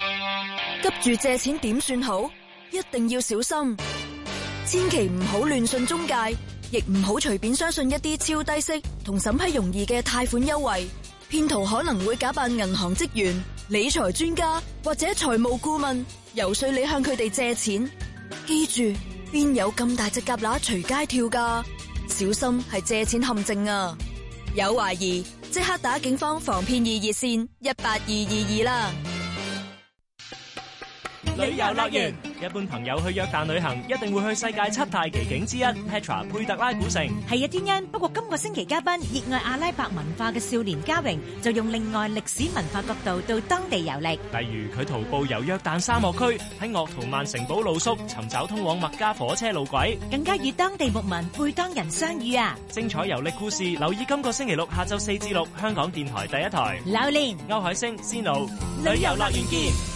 台急住借錢點算好？一定要小心，千祈唔好亂信中介，亦唔好隨便相信一啲超低息同審批容易嘅貸款優惠，騙徒可能會假扮銀行職員。理財專家或者財務顧問遊說你向佢哋借錢，記住邊有咁大隻蛤乸隨街跳噶，小心係借錢陷阱啊！有懷疑即刻打警方防騙易熱線一八二二二啦。旅遊樂園，一般朋友去約旦旅行，一定會去世界七大奇景之一 Petra 佩特拉古城。係啊，天恩。不過今個星期嘉賓熱愛阿拉伯文化嘅少年嘉榮，就用另外歷史文化角度到當地遊歷。例如佢徒步遊約旦沙漠區，喺鄂圖曼城堡露宿，尋找通往麥加火車路軌，更加與當地牧民、佩當地人相遇啊！精彩遊歷故事，留意今個星期六下晝四至六，香港電台第一台。劉念、歐海星、司徒，旅遊樂園見。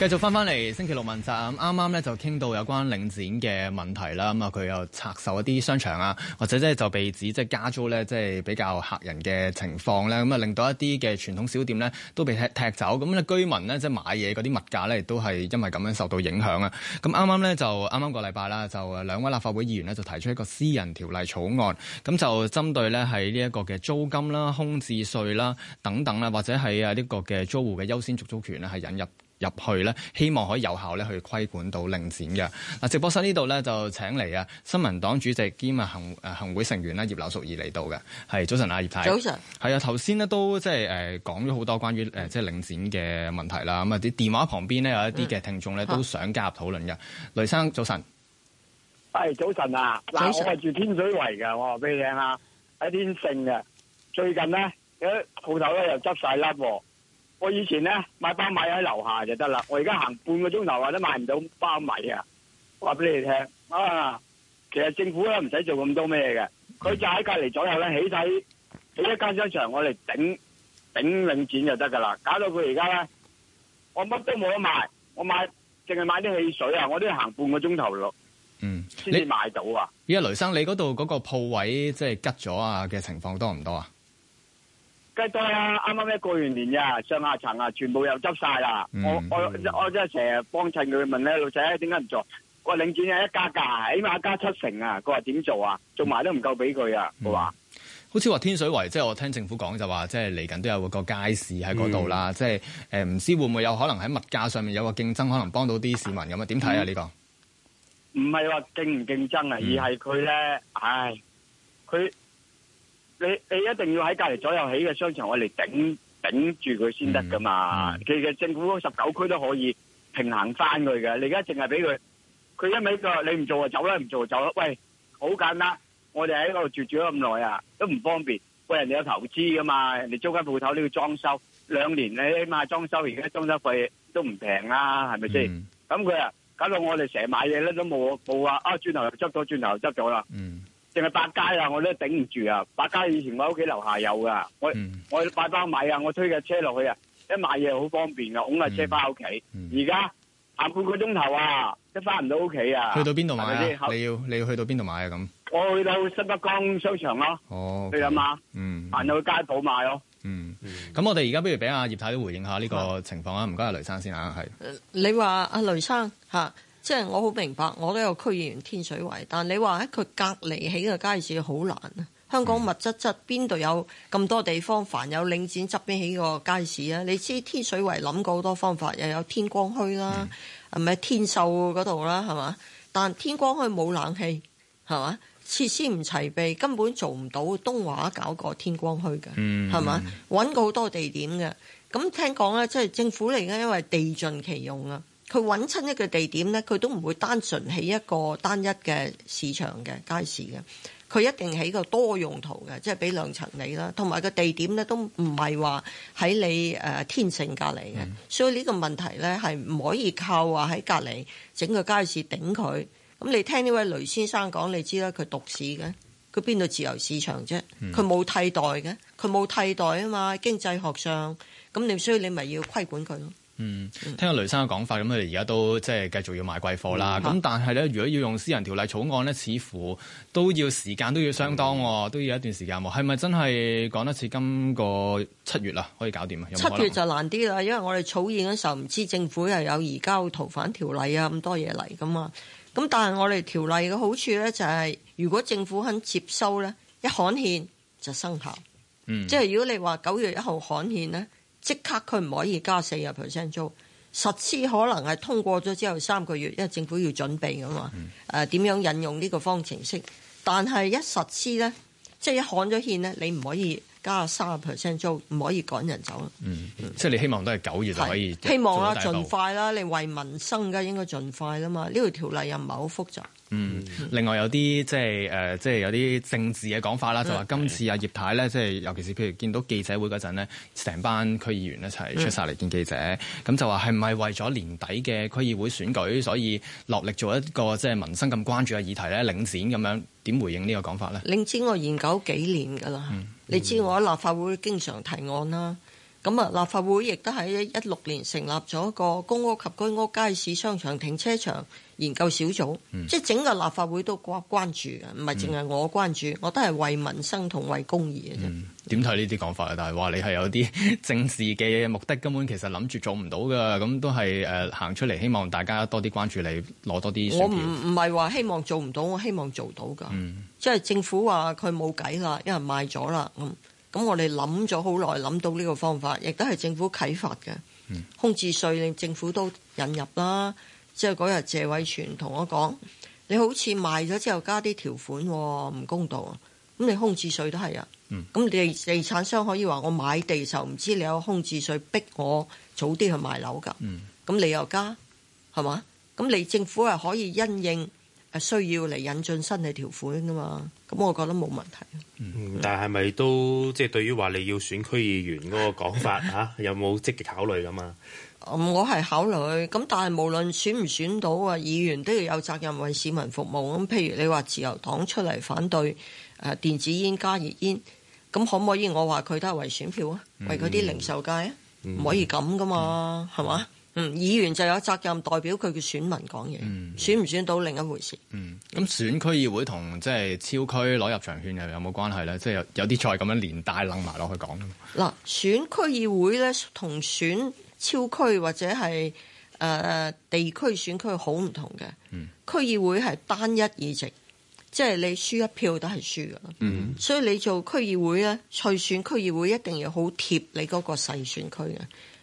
繼續翻翻嚟星期六問責，啱啱咧就傾到有關領展嘅問題啦。咁啊，佢又拆售一啲商場啊，或者即係就被指即係加租咧，即係比較嚇人嘅情況咧。咁啊，令到一啲嘅傳統小店咧都被踢踢走。咁咧，居民咧即係買嘢嗰啲物價咧，亦都係因為咁樣受到影響啊。咁啱啱咧就啱啱個禮拜啦，就兩位立法會議員咧就提出一個私人條例草案，咁就針對咧喺呢一個嘅租金啦、空置稅啦等等啦，或者係啊呢個嘅租戶嘅優先續租權咧，係引入入去咧，希望可以有效咧去規管到領展嘅。嗱，直播室呢度咧就請嚟啊，新民黨主席兼行誒行會成員啦，葉劉淑儀嚟到嘅。係，早晨阿葉太。早晨安。係啊，頭先咧都即係誒講咗好多關於誒、呃、即係領展嘅問題啦。咁啊啲電話旁邊咧有一啲嘅聽眾咧、嗯、都想加入討論嘅。嗯、雷生，早晨。係，早晨安啊！嗱，我係住天水圍㗎，我話俾你聽啊喺天盛嘅。最近咧啲鋪頭咧又執晒笠喎。我以前咧買包米喺樓下就得啦，我而家行半個鐘頭啊都買唔到包米啊！話俾你哋聽啊，其實政府咧唔使做咁多咩嘅，佢就喺隔離左右咧起曬起一間商場，我哋頂頂領展就得噶啦。搞到佢而家咧，我乜都冇得買，我買淨係買啲汽水啊！我都要行半個鐘頭路，嗯，先至買到啊！而家雷生，你嗰度嗰個鋪位即係吉咗啊嘅情況多唔多啊？多啦，啱啱咧過完年呀，上下層啊，全部又執晒啦。我我我真係成日幫襯佢，問咧老細點解唔做？我話領展一加價起碼加七成啊，佢話點做啊？做埋都唔夠俾佢啊，佢話、嗯。好似吧話天水圍，即係我聽政府講就話、是，即係嚟緊都有個街市喺嗰度啦。即係誒，唔知會唔會有可能喺物價上面有個競爭，可能幫到啲市民咁啊？點睇啊？呢個唔係話競唔競爭啊，而係佢咧，唉，佢。你你一定要喺隔籬左右起嘅商場我嚟頂頂住佢先得噶嘛？其實政府十九區都可以平衡翻佢嘅。你而家淨係俾佢，佢一味就話你唔做就走啦，唔做就走啦。喂，好簡單，我哋喺嗰度住住咗咁耐啊，都唔方便。喂，人哋有投資噶嘛，人哋租間鋪頭都要裝修兩年，你起碼裝修而家裝修費都唔平啦，係咪先？咁佢啊搞到我哋成日買嘢咧都冇冇啊啊！轉頭又執咗，轉頭又執咗啦。淨係百佳啊，我都頂唔住啊！百佳以前我喺屋企樓下有噶，我，嗯，我買包米啊，我推架車落去啊，一買嘢好方便噶，㧬架車翻屋企。而家，嗯嗯，行半個鐘頭啊，都翻唔到屋企啊！去到邊度買呀，啊，是是你要你要去到邊度買啊？咁我去到新北江商場咯，啊，去啊嘛，嗯，行到去街鋪買咯，啊。嗯，咁我哋而家不如俾阿葉太都回應下呢個情況啊！唔該，啊，阿雷生先啊，係你話阿雷生吓。啊即係我好明白，我都有區議員天水圍，但係你話喺佢隔離起個街市好難啊！香港物質質邊度有咁多地方？凡有領展側邊起個街市啊！你知天水圍諗過好多方法，又有天光墟啦，係咪是 天秀嗰度啦，係嘛？但天光墟冇冷氣，係嘛？設施唔齊備，根本做唔到。東華搞過天光墟嘅，係嘛？搵、嗯嗯、過好多地點嘅。咁聽講咧，即係政府嚟緊，因為地盡其用啊。佢揾親一個地點咧，佢都唔會單純起一個單一嘅市場嘅街市嘅，佢一定起個多用途嘅，即係俾兩層你啦。同埋個地點咧都唔係話喺你誒、呃、天性隔離嘅，所以呢個問題咧係唔可以靠話喺隔離整個街市頂佢。咁你聽呢位雷先生講，你知啦，佢獨市嘅，佢邊度自由市場啫？佢冇替代嘅，佢冇替代啊嘛。經濟學上，咁你需要你咪要規管佢咯。嗯，聽阿雷生嘅講法，咁佢哋而家都即係繼續要買貴貨啦。咁、嗯、但係咧，如果要用私人條例草案咧，似乎都要時間都要相當，嗯、都要有一段時間喎。係咪真係講得似今個七月啦？可以搞掂啊？有有七月就難啲啦，因為我哋草擬嘅時候唔知政府又有移交逃犯條例啊咁多嘢嚟噶嘛。咁但係我哋條例嘅好處咧、就是，就係如果政府肯接收咧，一刊憲就生效。嗯、即係如果你話九月一號刊憲咧。即刻佢唔可以加四十 percent 租，實施可能係通過咗之後三個月，因為政府要準備㗎嘛。誒、啊、點樣引用呢個方程式？但係一實施咧，即係一喊咗欠咧，你唔可以，加卅 percent 租，唔可以趕人走啦。嗯，嗯即係你希望都係九月就可以。希望啊，盡快啦。你為民生嘅應該盡快啦嘛。呢、這、條、個、條例又唔係好複雜。嗯，嗯另外有啲即係誒，即、就、係、是呃就是、有啲政治嘅講法啦，嗯、就話今次阿葉太咧，即係、嗯、尤其是譬如見到記者會嗰陣咧，成班區議員一齊出晒嚟見記者，咁、嗯、就話係唔係為咗年底嘅區議會選舉，所以落力做一個即係民生咁關注嘅議題咧，領展咁樣點回應個呢個講法咧？領展我研究幾年噶啦。嗯你知我喺立法會經常提案啦。咁啊，立法會亦都喺一六年成立咗個公屋及居屋街市商場停車場研究小組，嗯、即係整個立法會都關關注嘅，唔係淨係我關注，嗯、我都係為民生同為公義嘅啫。點睇呢啲講法啊？但係話你係有啲政治嘅目的，根本其實諗住做唔到㗎。咁都係、呃、行出嚟，希望大家多啲關注你，攞多啲。我唔係話希望做唔到，我希望做到噶。嗯、即係政府話佢冇計啦，因為賣咗啦。咁我哋諗咗好耐，諗到呢個方法，亦都係政府啟發嘅。嗯、空置稅令政府都引入啦。即係嗰日謝偉銓同我講：你好似賣咗之後加啲條款，唔公道。咁你空置稅都係啊。咁、嗯、你地產商可以話我買地就唔知你有空置稅，逼我早啲去賣樓㗎。咁、嗯、你又加係嘛？咁你政府係可以因應。需要嚟引進新嘅條款噶嘛？咁我覺得冇問題。嗯嗯、但係咪都即係、即係、對於話你要選區議員嗰個講法嚇、 啊，有冇積極考慮噶嘛、嗯？我係考慮。咁但係無論選唔選到啊，議員都要有責任為市民服務。咁譬如你話自由黨出嚟反對誒電子煙加熱煙，咁可唔可以我話佢都係為選票啊，嗯、為嗰啲零售界啊，唔、嗯、可以咁噶嘛？係嘛、嗯？是議員就有責任代表佢嘅選民講嘢，嗯、選唔選到另一回事。嗯，咁選區議會同即係超區攞入場券有冇關係咧？即係有有啲菜咁樣連帶楞埋落去講。嗱，選區議會咧同選超區或者係誒、呃、地區選區好唔同嘅。嗯，區議會係單一議席，即係你輸一票都係輸噶。嗯，所以你做區議會咧，隨選區議會一定要好貼你嗰個細選區嘅。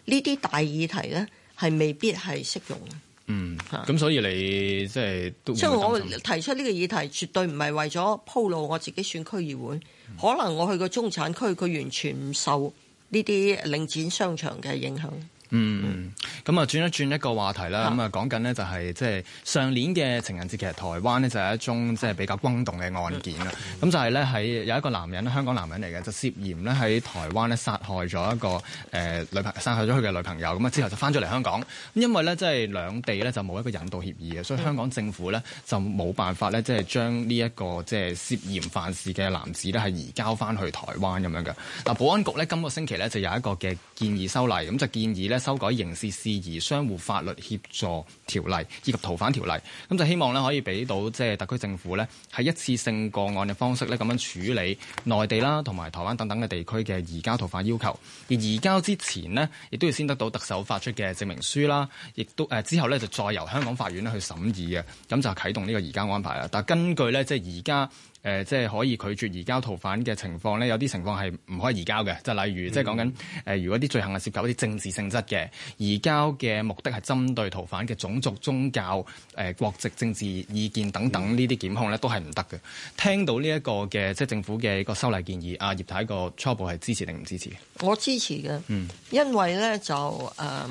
呢啲大議題咧。係未必係適用嘅。嗯，咁係所以你即係、就是、都會唔會。即係我提出呢個議題，絕對唔係為咗鋪路我自己選區議會。嗯、可能我去個中產區，佢完全唔受呢啲領展商場嘅影響。嗯。嗯。咁啊轉一轉一個話題啦，咁啊講緊咧就係即係上年嘅情人節，其實台灣咧就係一宗即係比較轟動嘅案件啦。咁、嗯、就係咧喺有一個男人，香港男人嚟嘅，就涉嫌咧喺台灣咧殺害咗一個誒女朋殺害咗佢嘅女朋友。咁啊之後就翻咗嚟香港，因為咧即係兩地咧就冇一個引渡協議啊，所以香港政府咧就冇辦法咧即係將呢一個即係涉嫌犯事嘅男子咧係移交翻去台灣咁樣嘅。嗱，保安局咧今、這個星期咧就有一個嘅建議修例，咁就建議咧修改刑事，事。而相互法律協助條例以及逃犯條例，咁就希望咧可以俾到即係特區政府咧，喺一次性個案嘅方式咧咁樣處理內地啦同埋台灣等等嘅地區嘅移交逃犯要求。而移交之前咧，亦都要先得到特首發出嘅證明書啦，亦都誒之後咧就再由香港法院咧去審議嘅，咁就啟動呢個移交安排啦。但根據咧即係而家。誒、呃，即係可以拒絕移交逃犯嘅情況咧，有啲情況係唔可以移交嘅，就例如、嗯、即係講緊誒，如果啲罪行係涉及一啲政治性質嘅，移交嘅目的係針對逃犯嘅種族、宗教、誒、呃、國籍、政治意見等等呢啲、嗯、檢控咧，都係唔得嘅。聽到呢一個嘅即係政府嘅一個修例建議，阿、啊、葉太個初步係支持定唔支持？我支持嘅，嗯，因為咧就誒、呃，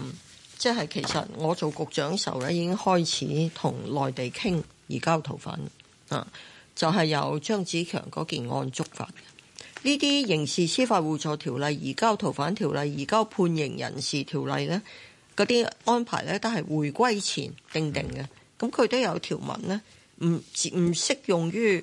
即係其實我做局長嘅時候咧，已經開始同內地傾移交逃犯啊。就係由張子強嗰件案觸發嘅呢啲刑事司法互助條例、移交逃犯條例、移交判刑人士條例呢，嗰啲安排呢都係回歸前定定嘅。咁佢都有條文呢，唔唔適用於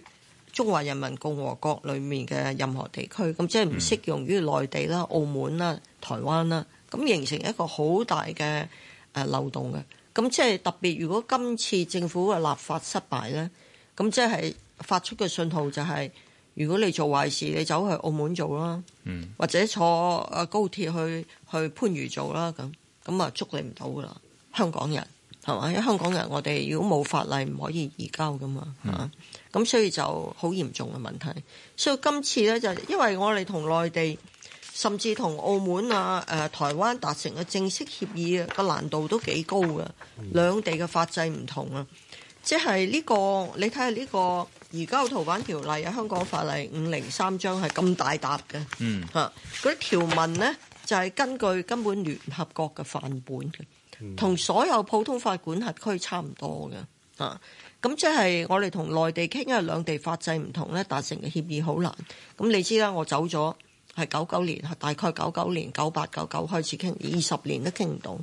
中華人民共和國裏面嘅任何地區，咁即係唔適用於內地啦、澳門啦、台灣啦，咁形成一個好大嘅誒漏洞嘅。咁即係特別，如果今次政府嘅立法失敗呢，咁即係。那就是發出嘅信號就係、是，如果你做壞事，你走去澳門做啦，嗯、或者坐啊高鐵去去番禺做啦，咁咁啊捉你唔到噶啦，香港人係嘛？因為香港人我哋如果冇法例唔可以移交噶嘛嚇，咁、嗯啊、所以就好嚴重嘅問題。所以今次呢就因為我哋同內地甚至同澳門啊誒、呃、台灣達成嘅正式協議個難度都幾高噶，嗯、兩地嘅法制唔同啊，即係呢個你睇下呢個。你看看這個。而家個《逃犯條例》啊，香港法例五零三章係咁大沓嘅，嚇嗰啲條文呢，就係、是、根據根本聯合國嘅範本嘅，同所有普通法管轄區差唔多嘅，嚇咁即係我哋同內地傾啊，因為兩地法制唔同咧，達成嘅協議好難。咁你知啦，我走咗係九九年，大概九九年九八九九開始傾，二十年都傾唔到。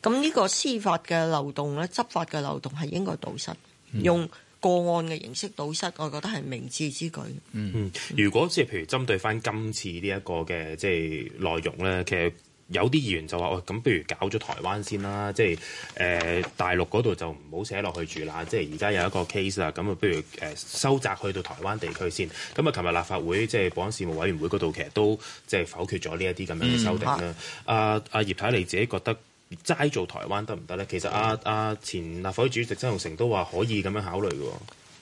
咁呢個司法嘅漏洞咧，執法嘅漏洞係應該堵塞用、嗯。個案嘅形式堵塞，我覺得係明智之舉。嗯，如果即係譬如針對返今次呢一個嘅即係內容咧，其實有啲議員就話，哦、哎，咁不如搞咗台灣先啦，即係誒大陸嗰度就唔好寫落去住啦。即係而家有一個 case 啦，咁啊不如誒、呃、收窄去到台灣地區先。咁啊，琴日立法會即係、就是、保安事務委員會嗰度，其實都即係否決咗呢一啲咁樣嘅修訂啦。阿阿、嗯啊啊、葉太你自己覺得？齋做台灣得唔得呢？其實阿、啊、阿、啊、前立法會主席曾鈺成都話可以咁樣考慮嘅，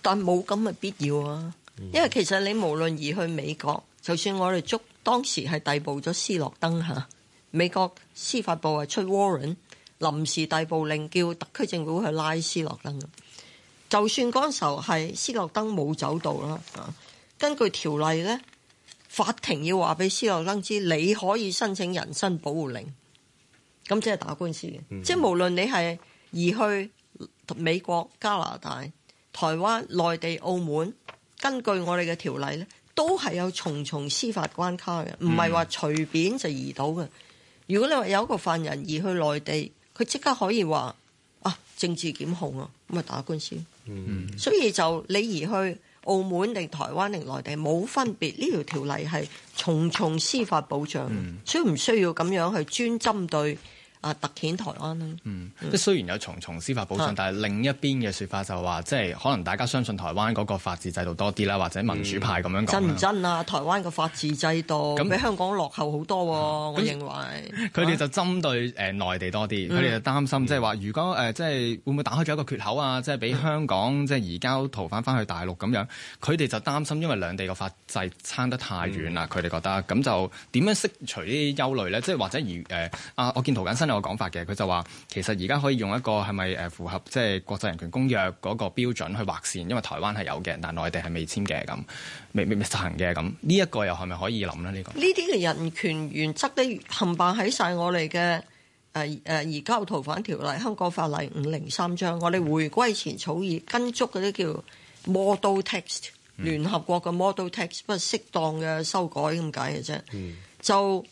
但冇咁嘅必要啊。嗯、因為其實你無論移去美國，就算我哋捉當時係逮捕咗斯諾登嚇，美國司法部係出 Warrant 臨時逮捕令叫特區政府去拉斯諾登。就算嗰陣時候係斯諾登冇走到啦，根據條例呢，法庭要話俾斯諾登知你可以申請人身保護令。咁即係打官司嘅，嗯、即係無論你係移去美國、加拿大、台灣、內地、澳門，根據我哋嘅條例咧，都係有重重司法關卡嘅，唔係話隨便就移到嘅。如果你話有一個犯人移去內地，佢即刻可以話啊政治檢控啊，咁咪打官司。嗯、所以就你移去澳門定台灣定內地冇分別，呢條條例係重重司法保障，嗯、所以唔需要咁樣去專針對。啊！突顯台灣咯，嗯，即係雖然有重重司法保障，嗯、但係另一邊嘅説法就係話，即係可能大家相信台灣嗰個法治制度多啲啦，或者民主派咁樣講，嗯。真唔真啊？台灣嘅法治制度比香港落後好多、啊，嗯、我認為。佢哋就針對誒內地多啲，佢哋、嗯、就擔心，即係話如果誒即係會唔會打開咗一個缺口啊？即係俾香港即係移交逃翻翻去大陸咁樣，佢哋、嗯、就擔心，因為兩地個法制差得太遠啦，佢哋、嗯、覺得咁就點樣釋除呢啲憂慮咧？即係或者而誒啊！我見涂謹申。有講法嘅，佢就話其實而家可以用一個係咪誒符合即係國際人權公約嗰個標準去劃線，因為台灣係有嘅，但係內地係未簽嘅咁，未未未實行嘅咁，呢一個又係咪可以諗咧？呢個呢啲嘅人權原則咧，冚辦喺晒我哋嘅誒誒，移交逃犯條例、香港法例五零三章，我哋回歸前草擬跟足嗰啲叫 model text，聯合國嘅 model text，不過適當嘅修改咁解嘅啫，嗯、就。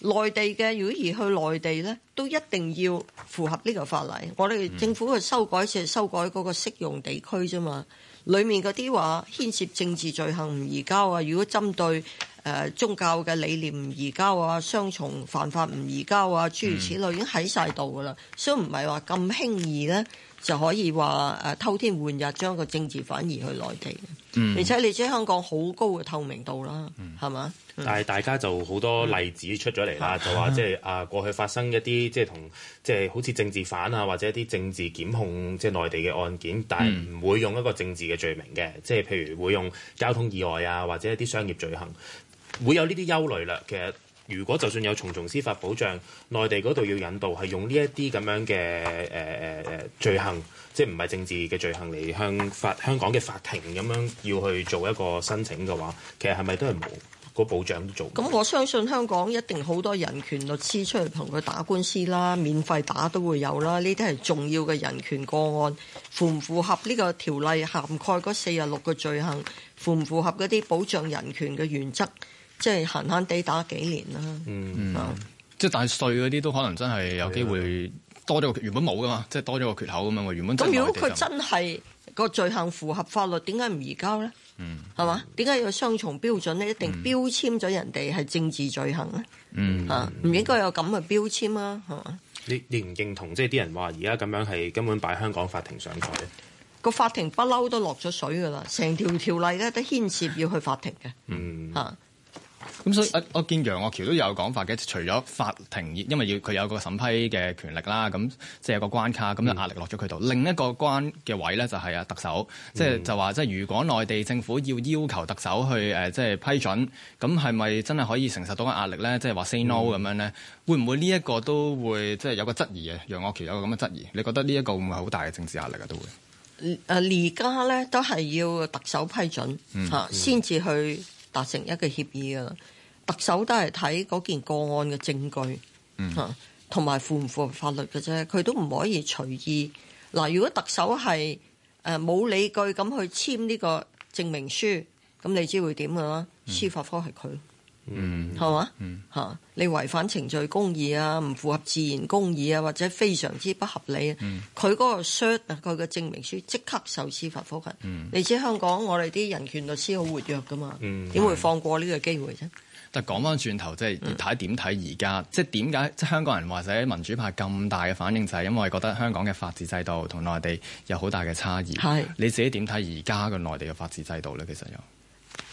內地嘅，如果移去內地呢，都一定要符合呢個法例。我哋政府去修改只係修改嗰個適用地區啫嘛。裏面嗰啲話牽涉政治罪行唔移交啊，如果針對、呃、宗教嘅理念唔移交啊，雙重犯法唔移交啊，諸如此類，已經喺晒度㗎啦，所以唔係話咁輕易呢。就可以話偷天換日將個政治犯移去內地，嗯、而且你知香港好高嘅透明度啦，係嘛、嗯？是嗯、但係大家就好多例子出咗嚟啦，嗯、就話即係啊過去發生一啲即係同即係好似政治犯啊或者一啲政治檢控即係、就是、內地嘅案件，但係唔會用一個政治嘅罪名嘅，即係、嗯、譬如會用交通意外啊或者一啲商業罪行，會有呢啲憂慮啦。其實。如果就算有重重司法保障，內地嗰度要引導是這些這，係用呢一啲咁樣嘅誒誒誒罪行，即係唔係政治嘅罪行嚟向法香港嘅法庭咁樣，要去做一個申請嘅話，其實係咪都係冇、嗰個保障做？咁我相信香港一定好多人權律師出嚟同佢打官司啦，免費打都會有啦。呢啲係重要嘅人權個案，符唔符合呢個條例涵蓋嗰四十六個罪行？符唔符合嗰啲保障人權嘅原則？即係閒閒地打幾年啦，嗯，即係但係稅嗰啲都可能真係有機會多咗個的原本冇噶嘛，即係多咗個缺口咁啊、嗯、原本咁如果佢真係、個罪行符合法律，點解唔移交咧？嗯，係嘛？點解有雙重標準咧？一定標籤咗人哋係政治罪行咧？嗯啊，唔應該有咁嘅標籤啊？係嘛？你你唔認同即係啲人話而家咁樣係根本擺香港法庭上台，個法庭不嬲都落咗水噶啦，成條條例咧都牽涉要去法庭嘅，嗯啊。咁所以啊，我見楊岳橋都有講法嘅，除咗法庭，因為要佢有個審批嘅權力啦，咁即係個關卡，咁就壓力落咗佢度。嗯、另一個關嘅位咧，就係啊特首，即係、嗯、就話，即係如果內地政府要要求特首去誒，即係批准，咁係咪真係可以承受到個壓力咧？即係話 say no 咁、嗯、樣咧，會唔會呢一個都會即係、就是、有個質疑嘅？楊岳橋有個咁嘅質疑，你覺得呢一個會唔會好大嘅政治壓力啊？都會誒而家咧都係要特首批准吓先至去。達成一個協議噶，特首都係睇嗰件個案嘅證據，吓同埋符唔符合法律嘅啫，佢都唔可以隨意。嗱，如果特首係誒冇理據咁去簽呢個證明書，咁你知會點噶啦？司法科係佢。嗯，係嘛吧？吓、嗯，你違反程序公義啊，唔符合自然公義啊，或者非常之不合理、啊。嗯，佢嗰個 short，佢個證明書即刻受司法覆核。嗯、你知道香港我哋啲人權律師好活躍噶嘛？嗯，點會放過這個機會呢個機會啫？但係講翻轉頭，即係葉太點睇而家，即係點解即係香港人或者民主派咁大嘅反應，就係因為我覺得香港嘅法治制度同內地有好大嘅差異。係的你自己點睇而家嘅內地嘅法治制度咧？其實又？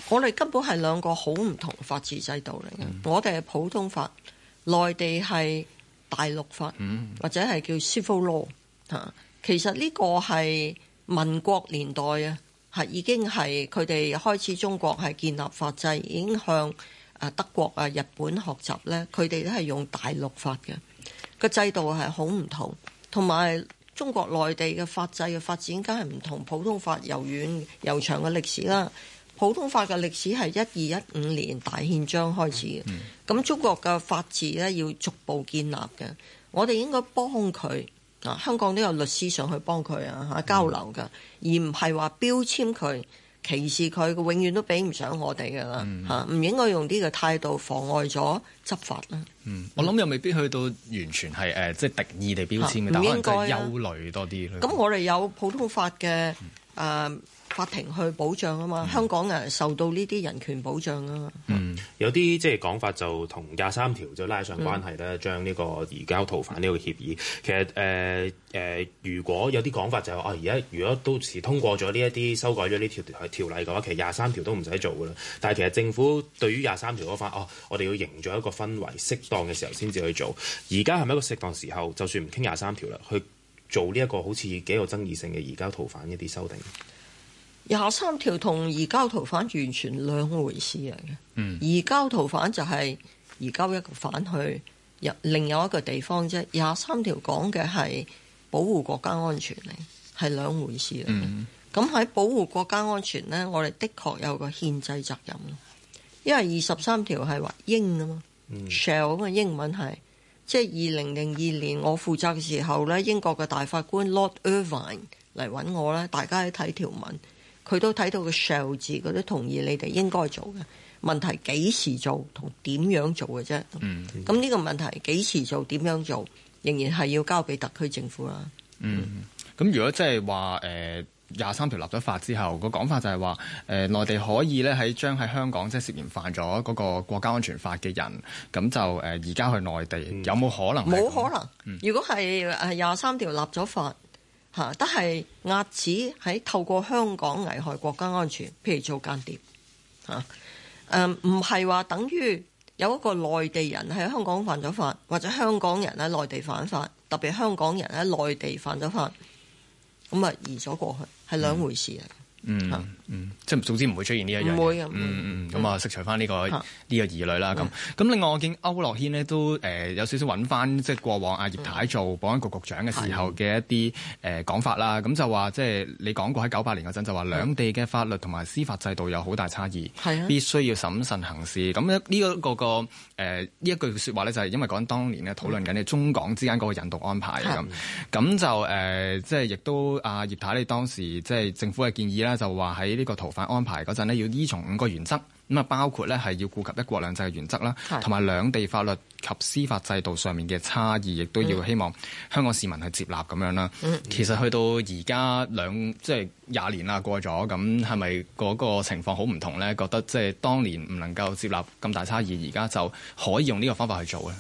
我哋根本係兩個好唔同嘅法治制度嚟嘅。嗯、我哋係普通法，內地係大陸法，嗯、或者係叫 civil law 嚇。其實呢個係民國年代啊，係已經係佢哋開始中國係建立法制，已經向啊德國啊日本學習呢，佢哋都係用大陸法嘅，個制度係好唔同，同埋中國內地嘅法制嘅發展，梗係唔同普通法又遠又長嘅歷史啦。普通法嘅歷史係一二一五年大憲章開始嘅，咁中國嘅法治咧要逐步建立嘅，我哋應該幫佢啊！香港都有律師上去幫佢啊嚇交流噶，嗯、而唔係話標籤佢、歧視佢，佢永遠都比唔上我哋噶啦嚇，唔、嗯、應該用呢個態度妨礙咗執法啦。嗯，我諗又未必去到完全係誒，即、呃、係、就是、敵意地標籤嘅，嗯、應該啊、但係憂慮多啲。咁我哋有普通法嘅誒。呃法庭去保障啊嘛，嗯、香港人受到呢啲人權保障啊嘛。嗯，有啲即係講法就同廿三條就拉上關係啦。嗯、將呢個移交逃犯呢個協議。嗯、其實誒誒、呃呃，如果有啲講法就話、是、哦，而家如果到時通過咗呢一啲修改咗呢條條例嘅話，其實廿三條都唔使做噶啦。但係其實政府對於廿三條嗰翻哦，我哋要營造一個氛圍適當嘅時候先至去做。而家係咪一個適當時候？就算唔傾廿三條啦，去做呢一個好似幾有爭議性嘅移交逃犯一啲修訂。廿三條同移交逃犯完全兩回事嚟嘅。嗯、移交逃犯就係移交一個犯去入另有一個地方啫。廿三條講嘅係保護國家安全嚟，係兩回事嚟。咁喺、嗯、保護國家安全呢，我哋的確有個憲制責任咯。因為二十三條係話英啊嘛、嗯、shall 咁啊英文係即係二零零二年我負責嘅時候呢，英國嘅大法官 Lord Irvine 嚟搵我呢，大家去睇條文。佢都睇到個 shall 字，佢都同意你哋應該做嘅問、嗯、問題，幾時做同點樣做嘅啫。咁呢個問題幾時做、點樣做，仍然係要交俾特區政府啦。嗯，咁如果即係話誒廿三條立咗法之後，個講法就係話誒內地可以咧喺將喺香港即係涉嫌犯咗嗰個國家安全法嘅人，咁就而家、呃、去內地、嗯、有冇可能？冇可能。如果係誒廿三條立咗法。嗯嚇，但係壓制係透過香港危害國家安全，譬如做間諜嚇。誒唔係話等於有一個內地人喺香港犯咗法，或者香港人喺內地犯法，特別香港人喺內地犯咗法，咁啊移咗過去係兩回事啊！嗯嗯嗯，即、嗯、係總之唔會出現呢一樣，唔會嗯，嗯嗯，咁啊，釋除翻呢個呢個疑慮啦。咁咁、嗯，另外我見歐樂軒呢都誒有少少搵返即係過往阿葉太做保安局局長嘅時候嘅一啲誒講法啦。咁的就話即係你講過喺九八年嗰陣就話兩地嘅法律同埋司法制度有好大差異，係啊的，必須要審慎行事。咁呢呢一個、個呢一句説話咧就係因為講當年咧討論緊嘅中港之間嗰個引渡安排咁。咁的就誒即係亦都阿葉太你當時即係政府嘅建議啦。就話喺呢個逃犯安排嗰陣呢，要依從五個原則，咁啊包括呢係要顧及一國兩制嘅原則啦，同埋兩地法律及司法制度上面嘅差異，亦都要希望香港市民去接納咁樣啦。嗯、其實去到而家兩即係廿年啦，過咗咁係咪嗰個情況好唔同呢？覺得即係當年唔能夠接納咁大差異，而家就可以用呢個方法去做咧？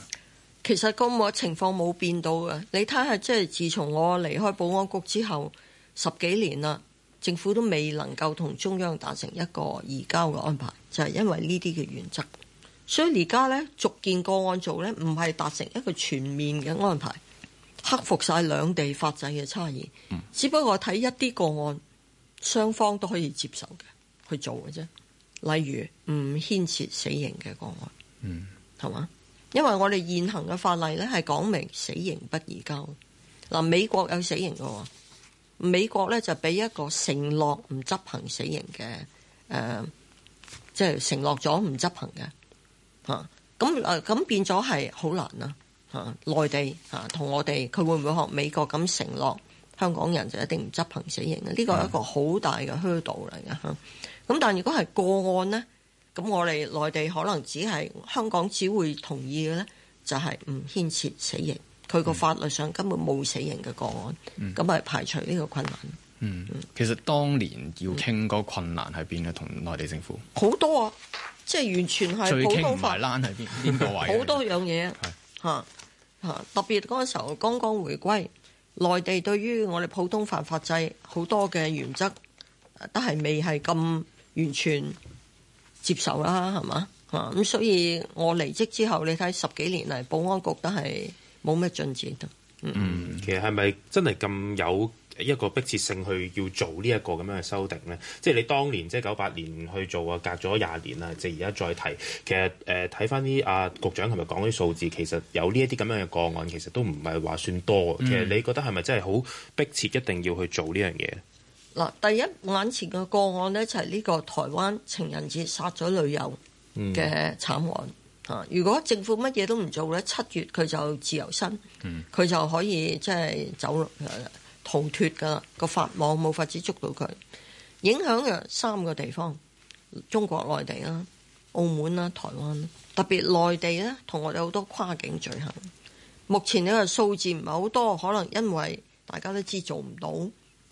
其實個情況冇變到嘅，你睇下，即係自從我離開保安局之後十幾年啦。政府都未能夠同中央達成一個移交嘅安排，就係因為呢啲嘅原則。所以而家呢逐件個案做呢，唔係達成一個全面嘅安排，克服晒兩地法制嘅差異。嗯，只不過睇一啲個案，雙方都可以接受嘅去做嘅啫。例如唔牽涉死刑嘅個案。嗯，係嘛？因為我哋現行嘅法例呢，係講明死刑不移交。嗱，美國有死刑嘅喎。美國咧，就俾一個承諾唔執行死刑嘅，即係承諾咗唔執行嘅嚇，咁誒，咁變咗係好難啊內地同、啊、我哋，佢會唔會學美國咁承諾？香港人就一定唔執行死刑嘅，呢個一個好大嘅 h 度嚟嘅咁。但如果係個案呢，咁我哋內地可能只係香港只會同意嘅呢，就係唔牽涉死刑。佢個法律上根本冇死刑嘅個案，咁係、嗯、排除呢個困難。嗯，嗯其實當年要傾嗰個困難係邊啊？同內地政府好多啊，哦、即係完全係普通法。要傾好多樣嘢嚇嚇，特別嗰個時候剛剛回歸，內地對於我哋普通法法制好多嘅原則都係未係咁完全接受啦，係嘛？啊咁，所以我離職之後，你睇十幾年嚟，保安局都係。冇咩進展得，嗯，嗯，其實係咪真係咁有一個迫切性去要做呢一個咁樣嘅修訂呢？即係你當年即係九八年去做啊，隔咗廿年啊，即係而家再提。其實誒睇翻啲阿局長今日講啲數字，其實有呢一啲咁樣嘅個案，其實都唔係話算多。嗯、其實你覺得係咪真係好迫切一定要去做呢樣嘢？嗱，第一眼前嘅個案呢，就係呢個台灣情人節殺咗女友嘅慘案。嗯如果政府乜嘢都唔做呢，七月佢就自由身，佢就可以即係走逃脫噶啦，個法網冇法子捉到佢。影響嘅三個地方：中國內地啦、澳門啦、台灣，特別內地呢，同我哋好多跨境罪行。目前呢個數字唔係好多，可能因為大家都知做唔到，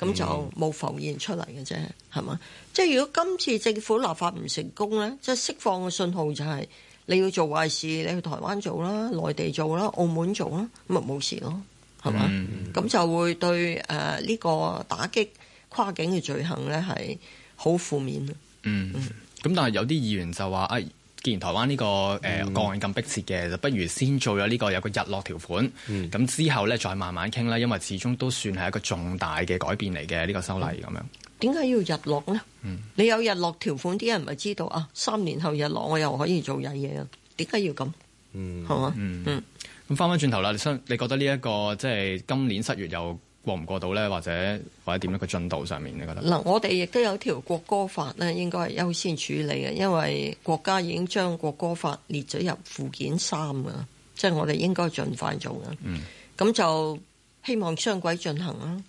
咁就冇浮現出嚟嘅啫，係嘛？即係如果今次政府立法唔成功呢，即係釋放嘅信號就係、是。你要做壞事，你去台灣做啦，內地做啦，澳門做啦，咁咪冇事咯，係嘛、嗯？咁就會對誒呢個打擊跨境嘅罪行呢係好負面。嗯，咁、嗯、但係有啲議員就話啊。既然台灣呢、這個誒、呃、案咁迫切嘅，嗯、就不如先做咗呢、這個有個日落條款，咁、嗯、之後咧再慢慢傾啦。因為始終都算係一個重大嘅改變嚟嘅呢個修例咁樣。點解、嗯、要日落咧？嗯、你有日落條款，啲人咪知道啊？三年後日落，我又可以做曳嘢啊？點解要咁？好啊。嗯，咁翻返轉頭啦，你想你覺得呢、這、一個即係、就是、今年七月又？過唔過到咧？或者或者點樣？個進度上面，你覺得嗱？我哋亦都有條國歌法咧，應該係優先處理嘅，因為國家已經將國歌法列咗入附件三啊，即係我哋應該儘快做嘅。嗯，咁就希望雙軌進行啦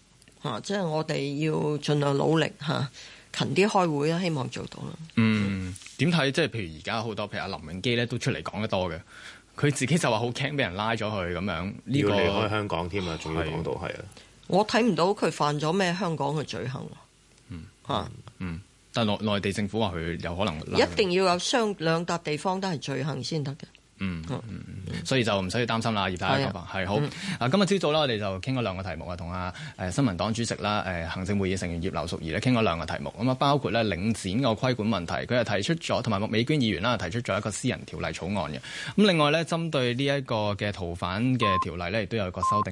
嚇，即係我哋要儘量努力嚇，勤啲開會啦，希望做到啦。嗯，點睇？即係譬如而家好多譬如阿林榮基咧，都出嚟講得多嘅，佢自己就話好驚，俾人拉咗去咁樣呢個離開香港添啊，仲要講到係啊。我睇唔到佢犯咗咩香港嘅罪行，啊、嚇、嗯，嗯，但係內內地政府話佢有可能一定要有雙兩笪地方都係罪行先得嘅，嗯，嗯，所以就唔使要擔心啦，葉太嘅，係好。嗯、啊，今日朝早啦，我哋就傾咗兩個題目啊，同啊，誒、呃，新民黨主席啦，誒、呃，行政會議成員葉劉淑儀咧，傾咗兩個題目，咁啊，包括咧領展個規管問題，佢係提出咗，同埋麥美娟議員啦、啊、提出咗一個私人條例草案嘅，咁、啊啊、另外咧，針對呢一個嘅逃犯嘅條例咧，亦都有個修訂。